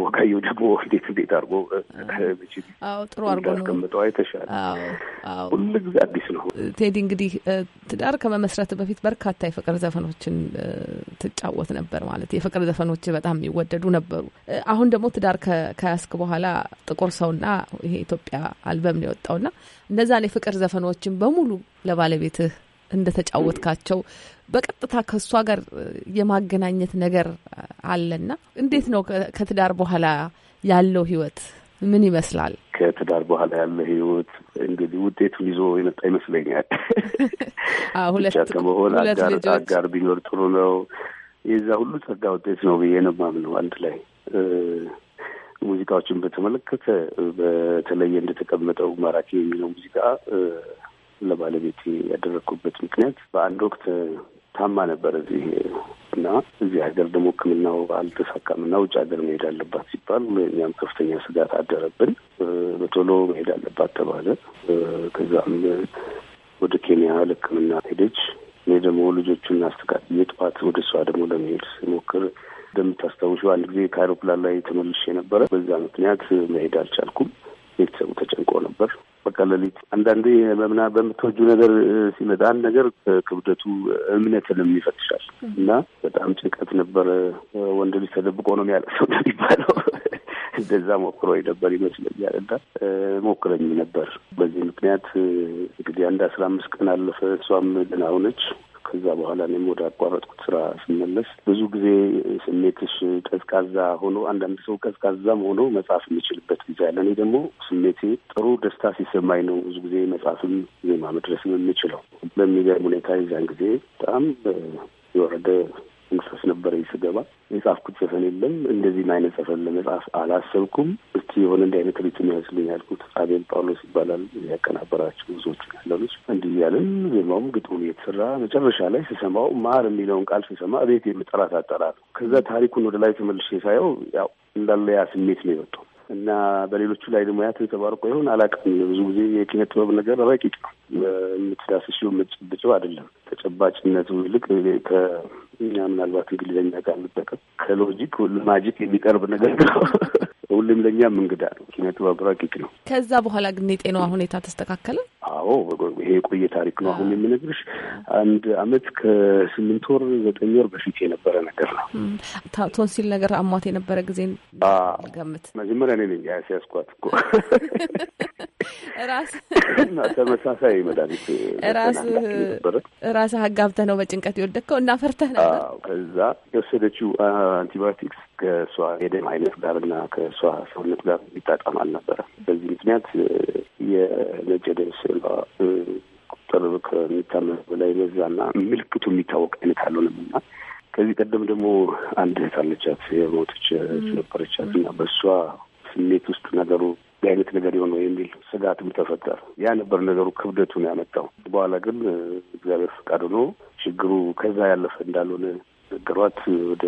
[SPEAKER 6] ወጋዩ ደግሞ እንዴት እንዴት አድርጎ
[SPEAKER 2] ጥሩ አድርጎ አስቀምጠው
[SPEAKER 6] አይተሻል። ሁሉ ጊዜ አዲስ ነው።
[SPEAKER 2] ቴዲ እንግዲህ ትዳር ከመመስረት በፊት በርካታ የፍቅር ዘፈኖችን ትጫወት ነበር ማለት የፍቅር ዘፈኖች በጣም የሚወደዱ ነበሩ። አሁን ደግሞ ትዳር ከያስክ በኋላ ጥቁር ሰውና ይሄ ኢትዮጵያ አልበም ነው የወጣውና እነዛን የፍቅር ዘፈኖችን በሙሉ ለባለቤትህ እንደተጫወትካቸው በቀጥታ ከእሷ ጋር የማገናኘት ነገር አለና እንዴት ነው ከትዳር በኋላ ያለው ህይወት ምን ይመስላል?
[SPEAKER 6] ከትዳር በኋላ ያለ ህይወት እንግዲህ ውጤቱን ይዞ የመጣ ይመስለኛል።
[SPEAKER 2] ሁለት
[SPEAKER 6] ከመሆን አጋር ቢኖር ጥሩ ነው። የዛ ሁሉ ጸጋ ውጤት ነው ብዬ ነው የማምነው። አንድ ላይ ሙዚቃዎችን በተመለከተ በተለየ እንደተቀመጠው ማራኪ የሚለው ሙዚቃ ለባለቤት ያደረግኩበት ምክንያት በአንድ ወቅት ታማ ነበር እዚህ እና እዚህ ሀገር ደግሞ ሕክምናው አልተሳካም እና ውጭ ሀገር መሄድ አለባት ሲባል እኛም ከፍተኛ ስጋት አደረብን። በቶሎ መሄድ አለባት ተባለ። ከዛም ወደ ኬንያ ለሕክምና ሄደች። እኔ ደግሞ ልጆቹን አስተካክዬ ጥዋት ወደ እሷ ደግሞ ለመሄድ ስሞክር እንደምታስታውሹ አንድ ጊዜ ከአይሮፕላን ላይ ተመልሼ ነበረ። በዛ ምክንያት መሄድ አልቻልኩም። ቤተሰቡ ተጨንቆ ነበር። በቃ ሌሊት አንዳንዴ በምና በምትወጁ ነገር ሲመጣ አንድ ነገር ክብደቱ እምነትንም ይፈትሻል እና በጣም ጭንቀት ነበረ። ወንድ ልጅ ተደብቆ ነው የሚያለቅሰው እንደሚባለው እንደዛ ሞክሮ ነበር ይመስለኛል እና ሞክረኝ ነበር። በዚህ ምክንያት እንግዲህ አንድ አስራ አምስት ቀን አለፈ። እሷም ደህና ሆነች። ከዛ በኋላ እኔም ወደ አቋረጥኩት ስራ ስመለስ ብዙ ጊዜ ስሜትሽ ቀዝቃዛ ሆኖ አንዳንድ ሰው ቀዝቃዛም ሆኖ መጽሐፍ የሚችልበት ጊዜ አለ። እኔ ደግሞ ስሜቴ ጥሩ ደስታ ሲሰማኝ ነው ብዙ ጊዜ መጽሐፍም ዜማ መድረስም የምችለው። በሚገርም ሁኔታ የዛን ጊዜ በጣም የወረደ መቅሰስ ነበረ ስገባ የጻፍኩት ዘፈን የለም። እንደዚህ አይነት ዘፈን ለመጻፍ አላሰብኩም። እስቲ የሆነ እንዲህ አይነት ሪትም ይመስልኝ ያልኩት አቤል ጳውሎስ ይባላል ያቀናበራቸው ብዙዎቹ ያለሉች እንዲህ እያልን ዜማውም ግጥሙን የተሰራ መጨረሻ ላይ ስሰማው ማር የሚለውን ቃል ስሰማ ቤት የምጠራት አጠራ ነው። ከዛ ታሪኩን ወደ ላይ ተመልሼ ሳየው ያው እንዳለ ያ ስሜት ነው የወጣው እና በሌሎቹ ላይ ደግሞ ያ ተንጸባርቆ ይሆን አላውቅም። ብዙ ጊዜ የኪነ ጥበብ ነገር ረቂቅ ነው፣ የምትዳስሽው የምትጨብጭው አይደለም። ተጨባጭነቱ ይልቅ እኛ ምናልባት እንግሊዝኛ ቃል እንጠቀም ከሎጂክ ለማጂክ የሚቀርብ ነገር ነው ሁሌም ለእኛም እንግዳ ነው። ምክንያቱም አብራቂቅ ነው።
[SPEAKER 2] ከዛ በኋላ ግን የጤናዋ ሁኔታ ተስተካከለ?
[SPEAKER 6] አዎ፣ ይሄ የቆየ ታሪክ ነው። አሁን የምነግርሽ አንድ አመት ከስምንት ወር ዘጠኝ ወር በፊት የነበረ ነገር ነው።
[SPEAKER 2] ቶንሲል ነገር አሟት የነበረ ጊዜ
[SPEAKER 6] ገምት። መጀመሪያ እኔ ነኝ ያስያዝኳት እኮ ራስ ተመሳሳይ መድኃኒት
[SPEAKER 2] ራስ አጋብተህ ነው በጭንቀት የወደቅከው እና ፈርተህ ነበር።
[SPEAKER 6] ከዛ የወሰደችው አንቲባዮቲክስ ከእሷ የደም አይነት ጋር እና ከእሷ ሰውነት ጋር የሚጣጣም አልነበረ። በዚህ ምክንያት የነጭ ደም ሴሏ ቁጥር ከሚታመነው በላይ በዛና ምልክቱ የሚታወቅ አይነት አልሆነም እና ከዚህ ቀደም ደግሞ አንድ እህት አለቻት የሞተች ስነበረቻት እና በእሷ ስሜት ውስጥ ነገሩ የአይነት ነገር የሆነ የሚል ስጋትም ተፈጠረ። ያ ነበር ነገሩ ክብደቱን ያመጣው። በኋላ ግን እግዚአብሔር ፈቃድ ሆኖ ችግሩ ከዛ ያለፈ እንዳልሆነ ያስቸገሯት ወደ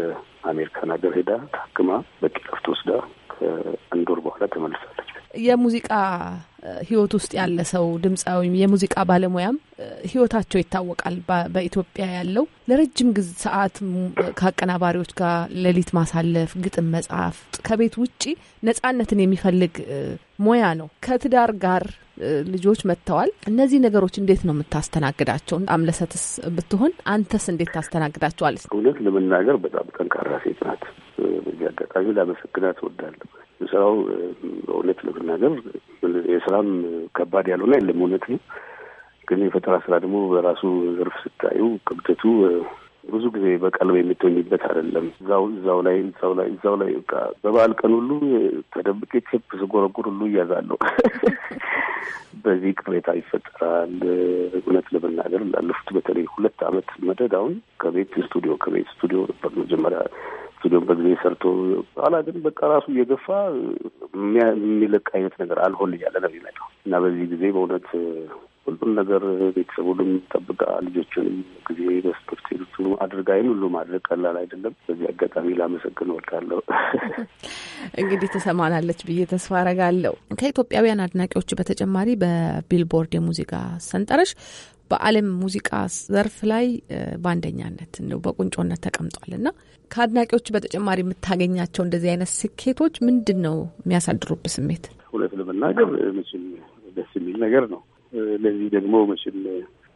[SPEAKER 6] አሜሪካን ሀገር ሄዳ ታክማ በቂ ረፍት ወስዳ ከአንድ ወር በኋላ ተመልሳለች።
[SPEAKER 2] የሙዚቃ ህይወት ውስጥ ያለ ሰው ድምፃ ወይም የሙዚቃ ባለሙያም ህይወታቸው ይታወቃል። በኢትዮጵያ ያለው ለረጅም ጊዜ ሰዓት ከአቀናባሪዎች ጋር ሌሊት ማሳለፍ፣ ግጥም መጻፍ፣ ከቤት ውጪ ነጻነትን የሚፈልግ ሙያ ነው። ከትዳር ጋር ልጆች መጥተዋል። እነዚህ ነገሮች እንዴት ነው የምታስተናግዳቸው? አምለሰትስ ብትሆን አንተስ እንዴት ታስተናግዳቸዋለች?
[SPEAKER 6] እውነት ለመናገር በጣም ጠንካራ ሴት ናት። በዚህ አጋጣሚ ላመሰግናት እወዳለሁ። ስራው እውነት ለመናገር የስራም ከባድ ያልሆነ የለም፣ እውነት ነው። ግን የፈጠራ ስራ ደግሞ በራሱ ዘርፍ ስታዩ ክብደቱ ብዙ ጊዜ በቀልብ የምትሆኝበት አይደለም። እዛው እዛው ላይ እዛው ላይ እዛው ላይ በቃ በበዓል ቀን ሁሉ ተደብቄ ቼፕ ስጎረጉር ሁሉ እያዛለሁ። በዚህ ቅሬታ ይፈጠራል። እውነት ለመናገር ላለፉት በተለይ ሁለት አመት መደድ አሁን ከቤት ስቱዲዮ ከቤት ስቱዲዮ ነበር መጀመሪያ ስቱዲዮም በጊዜ ሰርቶ ኋላ ግን በቃ ራሱ እየገፋ የሚለቅ አይነት ነገር አልሆን እያለ ነው የሚመጣው እና በዚህ ጊዜ በእውነት ሁሉም ነገር ቤተሰቡንም ጠብቃ ልጆችንም ጊዜ በስፖርት ቤቱ አድርጋ ይህን ሁሉ ማድረግ ቀላል አይደለም። በዚህ አጋጣሚ ላመሰግን እወዳለሁ።
[SPEAKER 2] እንግዲህ ትሰማናለች ብዬ ተስፋ አረጋለሁ። ከኢትዮጵያውያን አድናቂዎች በተጨማሪ በቢልቦርድ የሙዚቃ ሰንጠረዥ በዓለም ሙዚቃ ዘርፍ ላይ በአንደኛነት እንደው በቁንጮነት ተቀምጧል እና ከአድናቂዎች በተጨማሪ የምታገኛቸው እንደዚህ አይነት ስኬቶች ምንድን ነው የሚያሳድሩብ ስሜት?
[SPEAKER 6] እውነት ለመናገር መቼም ደስ የሚል ነገር ነው። ለዚህ ደግሞ መቼም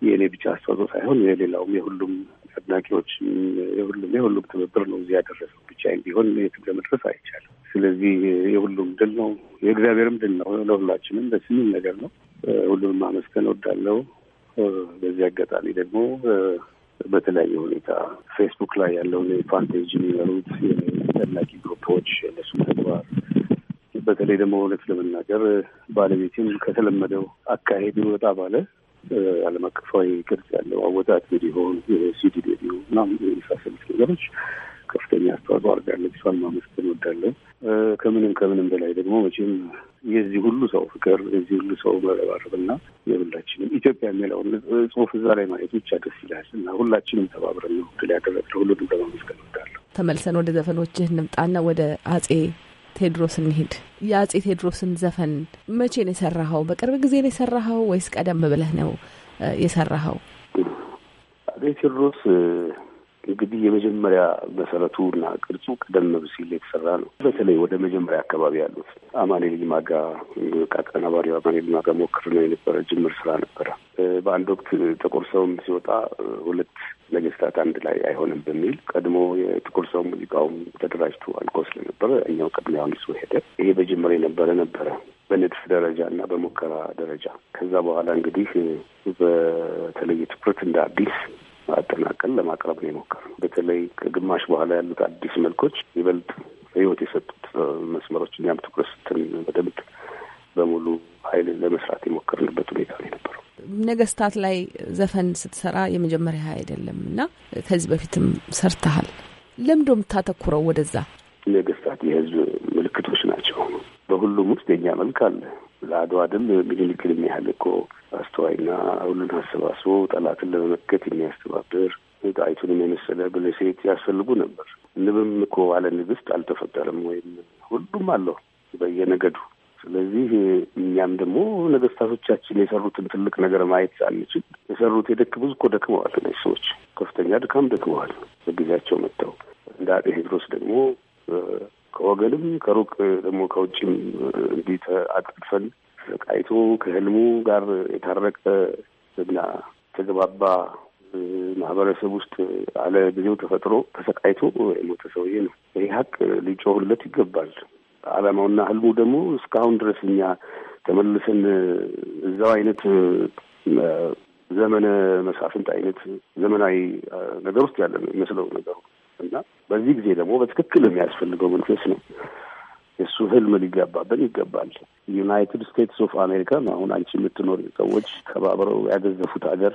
[SPEAKER 6] የእኔ ብቻ አስተዋጽኦ ሳይሆን የሌላውም የሁሉም አድናቂዎች የሁሉም የሁሉም ትብብር ነው እዚህ ያደረሰው። ብቻዬን ቢሆን የትም ለመድረስ አይቻልም። ስለዚህ የሁሉም ድል ነው፣ የእግዚአብሔርም ድል ነው። ለሁላችንም ደስ የሚል ነገር ነው። ሁሉንም ማመስገን እወዳለሁ። በዚህ አጋጣሚ ደግሞ በተለያየ ሁኔታ ፌስቡክ ላይ ያለውን የፋንቴጅ የሚመሩት የጠላቂ ግሩፖች የነሱ ተግባር በተለይ ደግሞ እውነት ለመናገር ባለቤቴም ከተለመደው አካሄድ ወጣ ባለ ዓለም አቀፋዊ ቅርጽ ያለው አወጣት ቪዲዮ ሲዲ ቪዲዮ ምናምን የመሳሰሉት ነገሮች ከፍተኛ አስተዋጽኦ አድርጋለች። እሷን ማመስገን ወዳለን። ከምንም ከምንም በላይ ደግሞ መቼም የዚህ ሁሉ ሰው ፍቅር የዚህ ሁሉ ሰው መረባረብና የሁላችንም ኢትዮጵያ የሚለውን ጽሁፍ እዛ ላይ ማየት ብቻ ደስ ይላል እና ሁላችንም ተባብረን ነው ድል ያደረግነው። ሁሉንም ለማመስገን
[SPEAKER 2] ወዳለሁ። ተመልሰን ወደ ዘፈኖችህ እንምጣና ወደ አጼ ቴድሮስ እንሄድ። የአጼ ቴድሮስን ዘፈን መቼ ነው የሰራኸው? በቅርብ ጊዜ ነው የሰራኸው ወይስ ቀደም ብለህ ነው የሰራኸው?
[SPEAKER 6] አጼ ቴድሮስ እንግዲህ የመጀመሪያ መሰረቱና ቅርጹ ቀደም ሲል የተሰራ ነው። በተለይ ወደ መጀመሪያ አካባቢ ያሉት አማኔል ሊማጋ ቀናባሪ አማኔል ሊማጋ ሞክር ነው የነበረ ጅምር ስራ ነበረ። በአንድ ወቅት ጥቁር ሰውም ሲወጣ ሁለት ነገስታት አንድ ላይ አይሆንም በሚል ቀድሞ የጥቁር ሰው ሙዚቃውም ተደራጅቶ አልቆ ስለነበረ እኛው ቀድሚያውን ይዞ ሄደ። ይሄ በጅምር የነበረ ነበረ በንድፍ ደረጃ እና በሙከራ ደረጃ። ከዛ በኋላ እንግዲህ በተለየ ትኩረት እንደ አዲስ አጠናቀን ለማቅረብ ነው የሞከርነው። በተለይ ከግማሽ በኋላ ያሉት አዲስ መልኮች ይበልጥ ህይወት የሰጡት መስመሮች እኛም ትኩረት ስትን በደንብ በሙሉ ኃይል ለመስራት የሞከርንበት ሁኔታ ነው የነበረው።
[SPEAKER 2] ነገስታት ላይ ዘፈን ስትሰራ የመጀመሪያ አይደለም እና ከዚህ በፊትም ሰርተሃል። ለምዶ የምታተኩረው ወደዛ?
[SPEAKER 6] ነገስታት የህዝብ ምልክቶች ናቸው። በሁሉም ውስጥ የኛ መልክ አለ። ለአድዋ ደንብ ሚኒሊክን የሚያህል እኮ አስተዋይና ሁሉን አሰባስቦ ጠላትን ለመመከት የሚያስተባብር ጣይቱንም የመሰለ ብልሴት ያስፈልጉ ነበር። ንብም እኮ አለ ንግስት አልተፈጠረም ወይም ሁሉም አለው በየነገዱ። ስለዚህ እኛም ደግሞ ነገስታቶቻችን የሰሩትን ትልቅ ነገር ማየት አንችል። የሰሩት የደክ ብዙ እኮ ደክመዋል። እነዚህ ሰዎች ከፍተኛ ድካም ደክመዋል። በጊዜያቸው መጥተው እንደ አጤ ቴዎድሮስ ደግሞ ከወገንም ከሩቅ ደግሞ ከውጭም እንዲህ አጥፈን ቃይቶ ከህልሙ ጋር የታረቀ እና ተግባባ ማህበረሰብ ውስጥ አለ ጊዜው ተፈጥሮ ተሰቃይቶ የሞተ ሰውዬ ነው። ይህ ሀቅ ሊጮህለት ይገባል። አላማውና ህልሙ ደግሞ እስካሁን ድረስ እኛ ተመልሰን እዛው አይነት ዘመነ መሳፍንት አይነት ዘመናዊ ነገር ውስጥ ያለ ነው የሚመስለው ነገሩ እና በዚህ ጊዜ ደግሞ በትክክል የሚያስፈልገው መንፈስ ነው። የእሱ ህልም ሊገባብን ይገባል። ዩናይትድ ስቴትስ ኦፍ አሜሪካ አሁን አንቺ የምትኖር ሰዎች ተባብረው ያገዘፉት ሀገር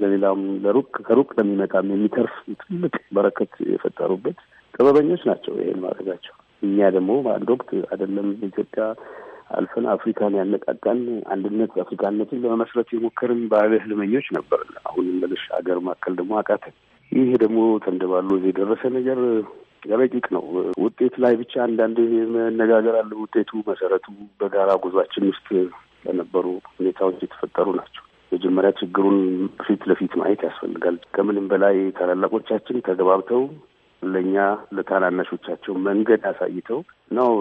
[SPEAKER 6] ለሌላም ለሩቅ ከሩቅ ለሚመጣም የሚተርፍ ትልቅ በረከት የፈጠሩበት ጥበበኞች ናቸው ይሄን ማድረጋቸው። እኛ ደግሞ በአንድ ወቅት አይደለም ኢትዮጵያ አልፈን አፍሪካን ያነቃቃን አንድነት አፍሪካነትን ለመመስረት የሞከርን ባለ ህልመኞች ነበር። አሁን መልሽ ሀገር መካከል ደግሞ አቃተን። ይህ ደግሞ ተንደባሎ የደረሰ ነገር ረቂቅ ነው። ውጤት ላይ ብቻ አንዳንድ መነጋገር አለ። ውጤቱ መሰረቱ በጋራ ጉዟችን ውስጥ ለነበሩ ሁኔታዎች የተፈጠሩ ናቸው። መጀመሪያ ችግሩን ፊት ለፊት ማየት ያስፈልጋል። ከምንም በላይ ታላላቆቻችን ተገባብተው ለእኛ ለታናናሾቻቸው መንገድ አሳይተው ነው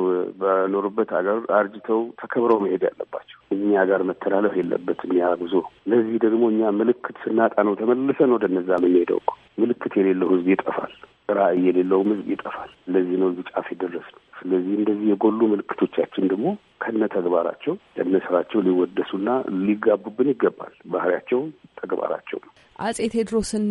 [SPEAKER 6] በኖሩበት ሀገር አርጅተው ተከብረው መሄድ ያለባቸው። እኛ ጋር መተላለፍ የለበትም ያ ጉዞ። ለዚህ ደግሞ እኛ ምልክት ስናጣ ነው ተመልሰን ወደ እነዛ የምንሄደው ምልክት የሌለው ህዝብ ይጠፋል፣ ራዕይ የሌለውም ህዝብ ይጠፋል። ለዚህ ነው እዚህ ጫፍ የደረስነው። ስለዚህ እንደዚህ የጎሉ ምልክቶቻችን ደግሞ ከነ ተግባራቸው ከነ ስራቸው ሊወደሱና ሊጋቡብን ይገባል። ባህሪያቸው፣ ተግባራቸው።
[SPEAKER 2] አጼ ቴዎድሮስን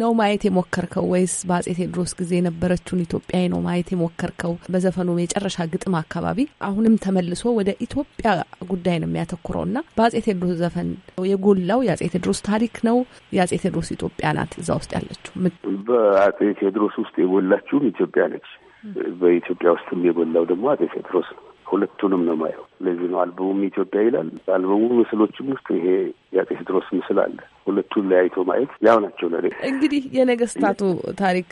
[SPEAKER 2] ነው ማየት የሞከርከው ወይስ በአጼ ቴዎድሮስ ጊዜ የነበረችውን ኢትዮጵያዊ ነው ማየት የሞከርከው? በዘፈኑ የመጨረሻ ግጥም አካባቢ አሁንም ተመልሶ ወደ ኢትዮጵያ ጉዳይ ነው የሚያተኩረው እና በአጼ ቴዎድሮስ ዘፈን የጎላው የአጼ ቴዎድሮስ ታሪክ ነው የአጼ ቴዎድሮስ ኢትዮጵያ ናት እዛ ውስጥ ያለችው?
[SPEAKER 6] በአጼ ቴዎድሮስ ውስጥ የጎላችውም ኢትዮጵያ ነች። በኢትዮጵያ ውስጥ የሚበላው ደግሞ አጼ ቴዎድሮስ ነው። ሁለቱንም ነው ማየው። ለዚህ ነው አልበሙም ኢትዮጵያ ይላል። አልበሙ ምስሎችም ውስጥ ይሄ የአጤ ቴዎድሮስ ምስል አለ። ሁለቱን ለያይቶ ማየት ያው ናቸው። ለ
[SPEAKER 2] እንግዲህ የነገስታቱ ታሪክ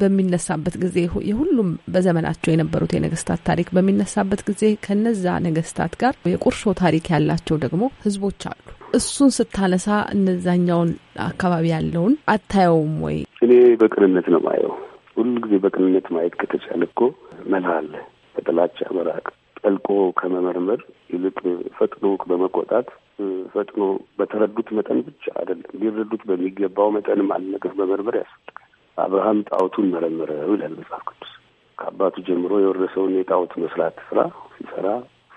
[SPEAKER 2] በሚነሳበት ጊዜ የሁሉም በዘመናቸው የነበሩት የነገስታት ታሪክ በሚነሳበት ጊዜ ከነዛ ነገስታት ጋር የቁርሾ ታሪክ ያላቸው ደግሞ ህዝቦች አሉ። እሱን ስታነሳ እነዛኛውን አካባቢ ያለውን
[SPEAKER 6] አታየውም ወይ? እኔ በቅንነት ነው ማየው ሁሉ ጊዜ በቅንነት ማየት ከተቻለ እኮ መላ አለ። ከጥላቻ መራቅ ጠልቆ ከመመርመር ይልቅ ፈጥኖ በመቆጣት ፈጥኖ በተረዱት መጠን ብቻ አይደለም፣ ሊረዱት በሚገባው መጠንም አንድ ነገር መመርመር ያስፈልጋል። አብርሃም ጣዖቱን መረመረው ይላል መጽሐፍ ቅዱስ። ከአባቱ ጀምሮ የወረሰውን የጣዖት መስራት ስራ ሲሰራ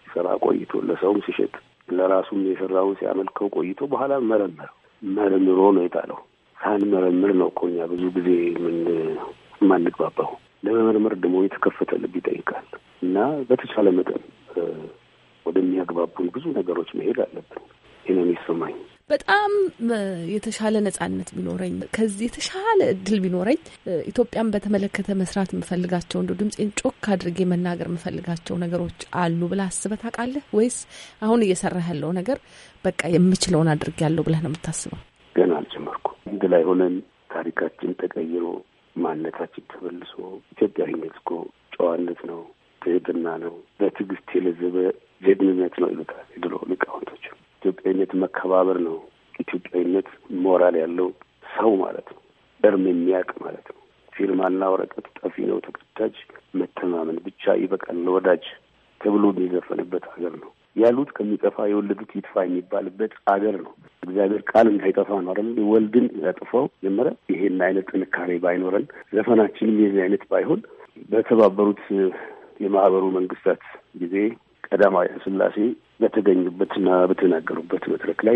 [SPEAKER 6] ሲሰራ ቆይቶ ለሰውም ሲሸጥ ለራሱም የሰራውን ሲያመልከው ቆይቶ በኋላ መረመረው። መርምሮ ነው የጣለው። ሳንመረምር ነው እኮ እኛ ብዙ ጊዜ ምን የማንግባባው። ለመመርመር ደግሞ የተከፈተ ልብ ይጠይቃል እና በተቻለ መጠን ወደሚያግባቡን ብዙ ነገሮች መሄድ አለብን። ይህንን ይሰማኝ
[SPEAKER 2] በጣም የተሻለ ነጻነት ቢኖረኝ ከዚህ የተሻለ እድል ቢኖረኝ ኢትዮጵያን በተመለከተ መስራት የምፈልጋቸው እንደ ድምፄን ጮክ አድርጌ መናገር የምፈልጋቸው ነገሮች አሉ ብለህ አስበህ ታውቃለህ? ወይስ አሁን እየሰራህ ያለው ነገር በቃ የምችለውን ያለው ብለህ ነው የምታስበው?
[SPEAKER 6] ገና አልጀመርኩ። አንድ ላይ ሆነን ታሪካችን ተቀይሮ ማንነታችን ተመልሶ ኢትዮጵያዊነት እኮ ጨዋነት ነው፣ ትህትና ነው፣ በትዕግስት የለዘበ ጀግንነት ነው ይሉታል የድሮ ሊቃውንቶች። ኢትዮጵያዊነት መከባበር ነው። ኢትዮጵያዊነት ሞራል ያለው ሰው ማለት ነው፣ እርም የሚያውቅ ማለት ነው። ፊርማና ወረቀት ጠፊ ነው ተቀዳጅ፣ መተማመን ብቻ ይበቃል ለወዳጅ ተብሎ የሚዘፈንበት ሀገር ነው። ያሉት ከሚጠፋ የወለዱት ይጥፋ የሚባልበት አገር ነው። እግዚአብሔር ቃል እንዳይጠፋ ነው አይደል? ወልድን ያጥፈው ጀመረ። ይሄን አይነት ጥንካሬ ባይኖረን፣ ዘፈናችንም የዚህ አይነት ባይሆን በተባበሩት የማህበሩ መንግስታት ጊዜ ቀዳማዊ ስላሴ በተገኙበትና በተናገሩበት መድረክ ላይ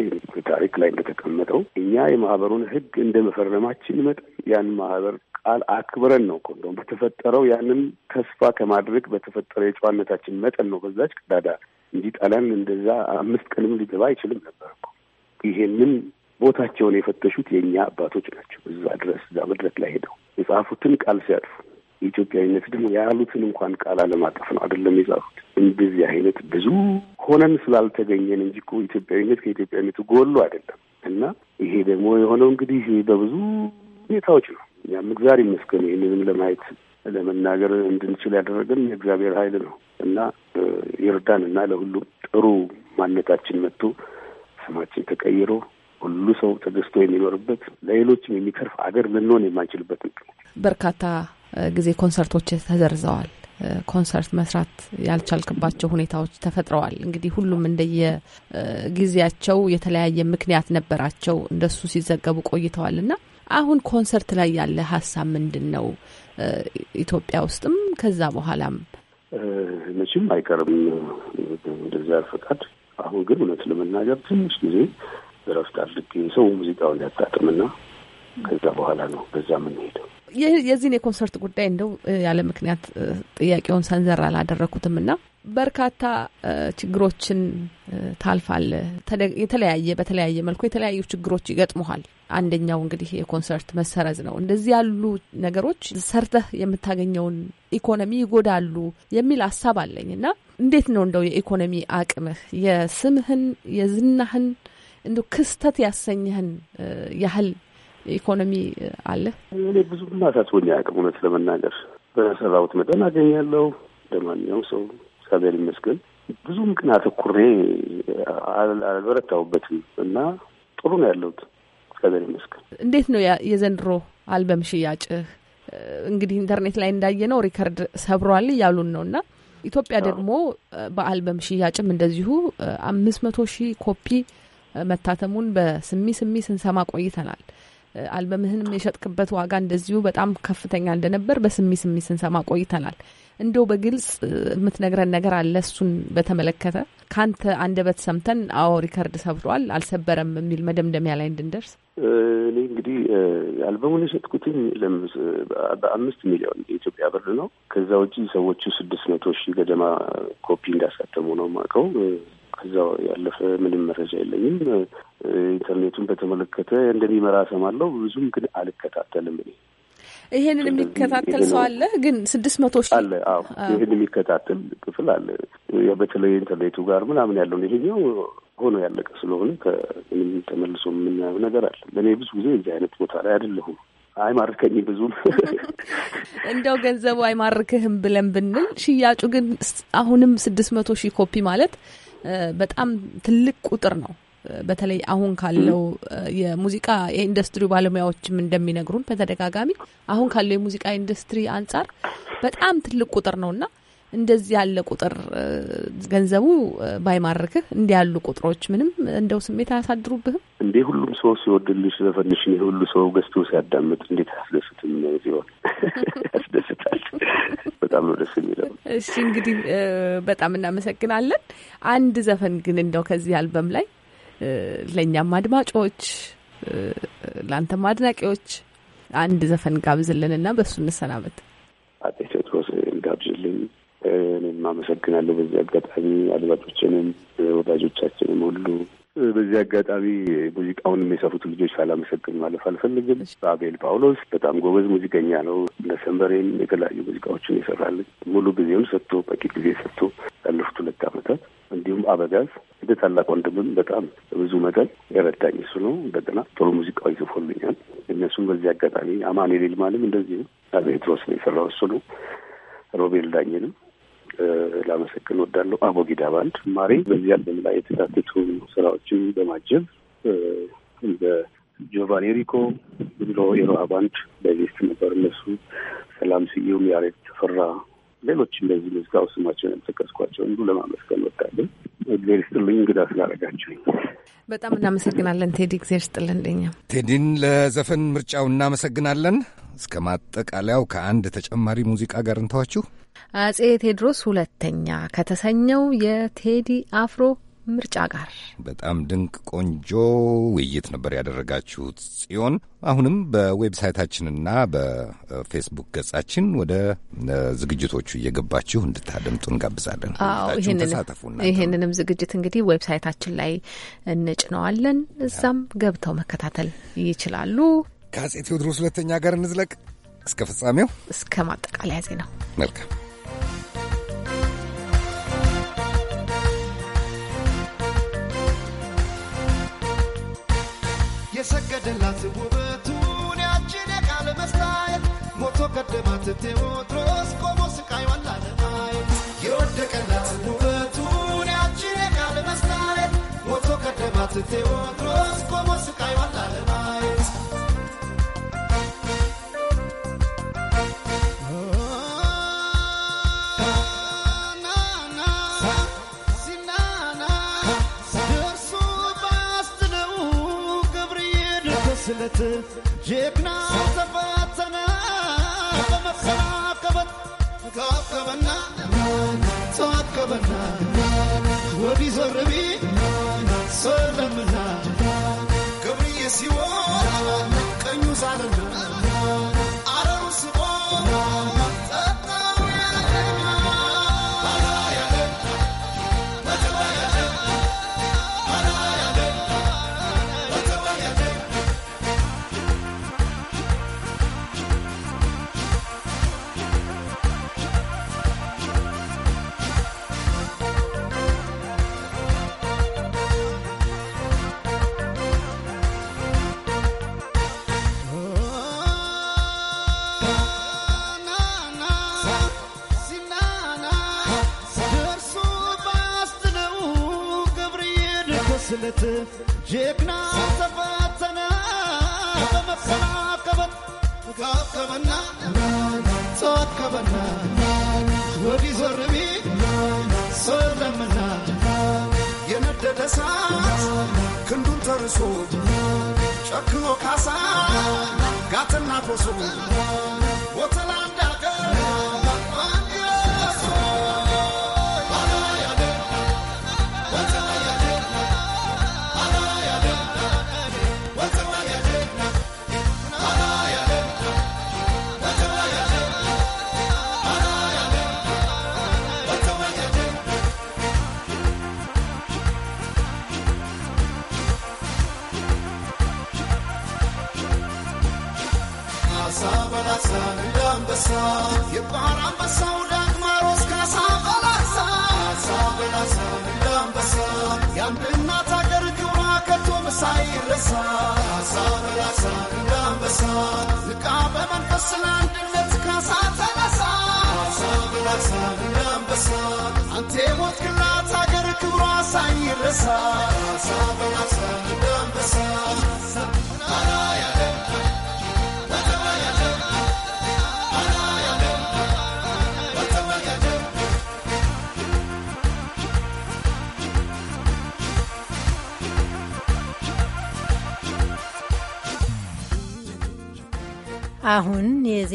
[SPEAKER 6] ታሪክ ላይ እንደተቀመጠው እኛ የማህበሩን ህግ እንደ መፈረማችን መጠን ያን ማህበር ቃል አክብረን ነው እንደውም በተፈጠረው ያንን ተስፋ ከማድረግ በተፈጠረ የጨዋነታችን መጠን ነው በዛች ቀዳዳ እንዲጠላን እንደዛ አምስት ቀንም ሊገባ አይችልም ነበር እኮ። ይሄንን ቦታቸውን የፈተሹት የእኛ አባቶች ናቸው። እዛ ድረስ እዛ መድረክ ላይ ሄደው የጻፉትን ቃል ሲያጥፉ የኢትዮጵያዊነት ደግሞ ያሉትን እንኳን ቃል አለማጠፍ ነው አይደለም የጻፉት። እንደዚህ አይነት ብዙ ሆነን ስላልተገኘን እንጂ እኮ ኢትዮጵያዊነት ከኢትዮጵያዊነቱ ጎሎ አይደለም። እና ይሄ ደግሞ የሆነው እንግዲህ በብዙ ሁኔታዎች ነው። እኛም እግዚአብሔር ይመስገን ይህንንም ለማየት ለመናገር እንድንችል ያደረገን የእግዚአብሔር ኃይል ነው እና ይርዳን እና ለሁሉም ጥሩ ማንነታችን መጥቶ ስማችን ተቀይሮ ሁሉ ሰው ተገዝቶ የሚኖርበት ለሌሎችም የሚተርፍ አገር ልንሆን የማንችልበት
[SPEAKER 2] በርካታ ጊዜ ኮንሰርቶች ተዘርዘዋል። ኮንሰርት መስራት ያልቻልክባቸው ሁኔታዎች ተፈጥረዋል። እንግዲህ ሁሉም እንደየ ጊዜያቸው የተለያየ ምክንያት ነበራቸው። እንደሱ ሲዘገቡ ቆይተዋል እና አሁን ኮንሰርት ላይ ያለ ሀሳብ ምንድን ነው? ኢትዮጵያ ውስጥም ከዛ በኋላም
[SPEAKER 6] መቼም አይቀርም እንደዚያ ፈቃድ። አሁን ግን እውነት ለመናገር ትንሽ ጊዜ እረፍት አድርጌ ሰው ሙዚቃውን ያጣጥምና ከዛ በኋላ ነው በዛ የምንሄደው።
[SPEAKER 4] የዚህን
[SPEAKER 2] የኮንሰርት ጉዳይ እንደው ያለ ምክንያት ጥያቄውን ሰንዘር አላደረግኩትም እና በርካታ ችግሮችን ታልፋል። የተለያየ በተለያየ መልኩ የተለያዩ ችግሮች ይገጥመሃል። አንደኛው እንግዲህ የኮንሰርት መሰረዝ ነው። እንደዚህ ያሉ ነገሮች ሰርተህ የምታገኘውን ኢኮኖሚ ይጎዳሉ የሚል ሀሳብ አለኝ እና እንዴት ነው እንደው የኢኮኖሚ አቅምህ የስምህን የዝናህን እንዲሁ ክስተት ያሰኘህን ያህል ኢኮኖሚ አለ።
[SPEAKER 6] እኔ ብዙ አሳስቦኝ አያውቅም እውነት ለመናገር በሰራሁት መጠን አገኛለሁ ለማንኛውም ሰው እግዚአብሔር ይመስገን። ብዙም ግን አተኩሬ አልበረታሁበትም እና ጥሩ ነው ያለሁት እግዚአብሔር ይመስገን።
[SPEAKER 2] እንዴት ነው የዘንድሮ አልበም ሽያጭህ? እንግዲህ ኢንተርኔት ላይ እንዳየ ነው ሪከርድ ሰብሯል እያሉን ነው እና ኢትዮጵያ ደግሞ በአልበም ሽያጭም እንደዚሁ አምስት መቶ ሺህ ኮፒ መታተሙን በስሚ ስሚ ስንሰማ ቆይተናል። አልበምህንም የሸጥክበት ዋጋ እንደዚሁ በጣም ከፍተኛ እንደነበር በስሚ ስሚ ስንሰማ ቆይተናል። እንደው በግልጽ የምትነግረን ነገር አለ? እሱን በተመለከተ ከአንተ አንደበት ሰምተን አዎ ሪከርድ ሰብሯል አልሰበረም የሚል መደምደሚያ ላይ እንድንደርስ።
[SPEAKER 6] እኔ እንግዲህ አልበሙን የሸጥኩትኝ በአምስት ሚሊዮን የኢትዮጵያ ብር ነው። ከዛ ውጪ ሰዎቹ ስድስት መቶ ሺህ ገደማ ኮፒ እንዳሳተሙ ነው የማውቀው። ከዛው ያለፈ ምንም መረጃ የለኝም። ኢንተርኔቱን በተመለከተ እንደሚመራ ሰማለሁ። ብዙም ግን አልከታተልም እኔ
[SPEAKER 2] ይሄንን የሚከታተል ሰው አለ ግን ስድስት
[SPEAKER 6] መቶ ሺህ አለ። አዎ ይህን የሚከታተል ክፍል አለ። በተለይ ኢንተርኔቱ ጋር ምናምን ያለው ይሄኛው ሆኖ ያለቀ ስለሆነ ከምንም ተመልሶ የምናየው ነገር አለ። ለእኔ ብዙ ጊዜ እዚህ አይነት ቦታ ላይ አይደለሁም። አይማርከኝ ብዙም
[SPEAKER 2] እንደው ገንዘቡ አይማርክህም ብለን ብንል ሽያጩ ግን አሁንም ስድስት መቶ ሺህ ኮፒ ማለት በጣም ትልቅ ቁጥር ነው። በተለይ አሁን ካለው የሙዚቃ የኢንዱስትሪ ባለሙያዎችም እንደሚነግሩን በተደጋጋሚ አሁን ካለው የሙዚቃ ኢንዱስትሪ አንጻር በጣም ትልቅ ቁጥር እና እንደዚህ ያለ ቁጥር ገንዘቡ ባይማርክህ እንዲህ ያሉ ቁጥሮች ምንም እንደው ስሜት አያሳድሩብህም
[SPEAKER 6] እንዴ? ሁሉም ሰው ሲወድልሽ ዘፈንሽን የሁሉ ሰው ገዝቶ ሲያዳምጥ እንዴት አያስደስትም ሲሆን
[SPEAKER 2] በጣም ነው ደስ የሚለው። እሺ እንግዲህ በጣም እናመሰግናለን። አንድ ዘፈን ግን እንደው ከዚህ አልበም ላይ ለእኛም አድማጮች ለአንተም አድናቂዎች አንድ ዘፈን ጋብዝልን እና በእሱ
[SPEAKER 6] እንሰናበት። አጤ ቴዎድሮስ ጋብዝልን። እኔም አመሰግናለሁ በዚህ አጋጣሚ አድማጮችንም ወዳጆቻችንም ሁሉ በዚህ አጋጣሚ ሙዚቃውን የሚሰፉት ልጆች ሳላመሰግን ማለፍ አልፈልግም። አቤል ጳውሎስ በጣም ጎበዝ ሙዚቀኛ ነው። ለሰንበሬም የተለያዩ ሙዚቃዎችን ይሰራል። ሙሉ ጊዜውን ሰጥቶ በቂ ጊዜ ሰጥቶ ያለፉት ሁለት ዓመታት እንዲሁም አበጋዝ እንደ ታላቅ ወንድምም በጣም ብዙ መጠን የረዳኝ እሱ ነው። እንደገና ጥሩ ሙዚቃ ይጽፎልኛል። እነሱም በዚህ አጋጣሚ አማኔ ሌልማንም እንደዚህ ነው። ጴጥሮስ ነው የሰራው እሱ ነው። ሮቤል ዳኝንም ላመሰግን ወዳለሁ። አቦጊዳ ባንድ ማሪ በዚህ አልበም ላይ የተካተቱ ስራዎችን በማጀብ እንደ ጆቫኒ ሪኮ ብሎ የሮሃ ባንድ በቤስት ነበር እነሱ ሰላም ስዩም፣ ያሬድ ተፈራ፣ ሌሎች እንደዚህ ሙዚቃ ውስጥ ስማቸውን ያልጠቀስኳቸው እንዱ
[SPEAKER 1] ለማመስገን ወዳለን። እግዜር
[SPEAKER 6] ስጥልኝ እንግዳ ስላረጋቸው
[SPEAKER 2] በጣም እናመሰግናለን ቴዲ። እግዜር ስጥልን። እንደኛ
[SPEAKER 1] ቴዲን ለዘፈን ምርጫው እናመሰግናለን። እስከ ማጠቃለያው ከአንድ ተጨማሪ ሙዚቃ ጋር እንተዋችሁ።
[SPEAKER 2] አጼ ቴዎድሮስ ሁለተኛ ከተሰኘው የቴዲ አፍሮ ምርጫ ጋር
[SPEAKER 1] በጣም ድንቅ ቆንጆ ውይይት ነበር ያደረጋችሁት ጽዮን። አሁንም በዌብሳይታችንና በፌስቡክ ገጻችን ወደ ዝግጅቶቹ እየገባችሁ እንድታደምጡ እንጋብዛለን።
[SPEAKER 2] ይህንንም ዝግጅት እንግዲህ ዌብሳይታችን ላይ እንጭነዋለን። እዛም ገብተው መከታተል ይችላሉ።
[SPEAKER 1] ከአጼ ቴዎድሮስ ሁለተኛ ጋር እንዝለቅ እስከ ፍጻሜው፣
[SPEAKER 2] እስከ ማጠቃለያ ዜናው።
[SPEAKER 1] መልካም
[SPEAKER 5] የሰገደላት ውበቱን ያችን የቃለ መስታየት ሞቶ ቀደማት ቴዎድሮስ ቆሞ ስቃዩን ላለማየት የወደቀላት ውበቱን ያችን የቃለ መስታየት ሞቶ ቀደማት ቴዎድሮስ ቆሞ ስቃዩን ላለማየት ሴት ጀግና ተፈተነ በመፈናቀበት ተዋከበና ወዲ ዞር ቢ ሶለምና ገብርዬ ሲሆን ቀኙ ሳልና አረሩ ሲሆን።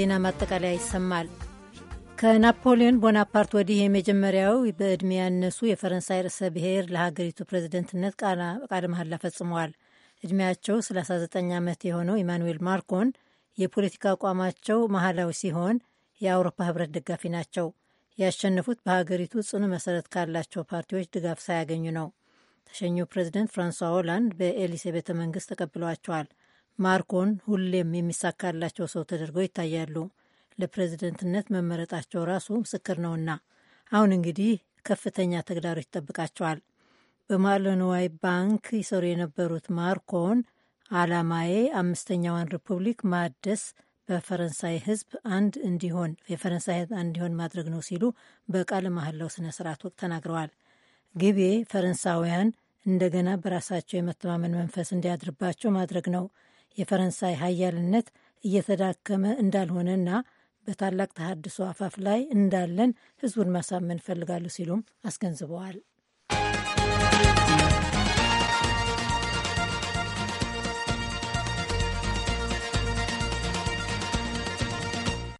[SPEAKER 9] የዜና ማጠቃለያ ይሰማል። ከናፖሊዮን ቦናፓርት ወዲህ የመጀመሪያው በዕድሜ ያነሱ የፈረንሳይ ርዕሰ ብሔር ለሀገሪቱ ፕሬዝደንትነት ቃለ መሐላ ፈጽመዋል። ዕድሜያቸው 39 ዓመት የሆነው ኢማኑዌል ማክሮን የፖለቲካ አቋማቸው መሐላዊ ሲሆን የአውሮፓ ህብረት ደጋፊ ናቸው። ያሸነፉት በሀገሪቱ ጽኑ መሰረት ካላቸው ፓርቲዎች ድጋፍ ሳያገኙ ነው። ተሸኚው ፕሬዚደንት ፍራንሷ ሆላንድ በኤሊሴ ቤተ መንግስት ተቀብለዋቸዋል። ማርኮን ሁሌም የሚሳካላቸው ሰው ተደርገው ይታያሉ። ለፕሬዝደንትነት መመረጣቸው ራሱ ምስክር ነውና አሁን እንግዲህ ከፍተኛ ተግዳሮች ይጠብቃቸዋል። በመዋዕለ ንዋይ ባንክ ይሰሩ የነበሩት ማርኮን አላማዬ አምስተኛዋን ሪፑብሊክ ማደስ በፈረንሳይ ህዝብ አንድ እንዲሆን የፈረንሳይ ህዝብ አንድ እንዲሆን ማድረግ ነው ሲሉ በቃለ መሐላው ስነ ስርዓት ወቅት ተናግረዋል። ግቤ ፈረንሳውያን እንደገና በራሳቸው የመተማመን መንፈስ እንዲያድርባቸው ማድረግ ነው። የፈረንሳይ ሀያልነት እየተዳከመ እንዳልሆነና በታላቅ ተሃድሶ አፋፍ ላይ እንዳለን ህዝቡን ማሳመን እፈልጋለሁ ሲሉም አስገንዝበዋል።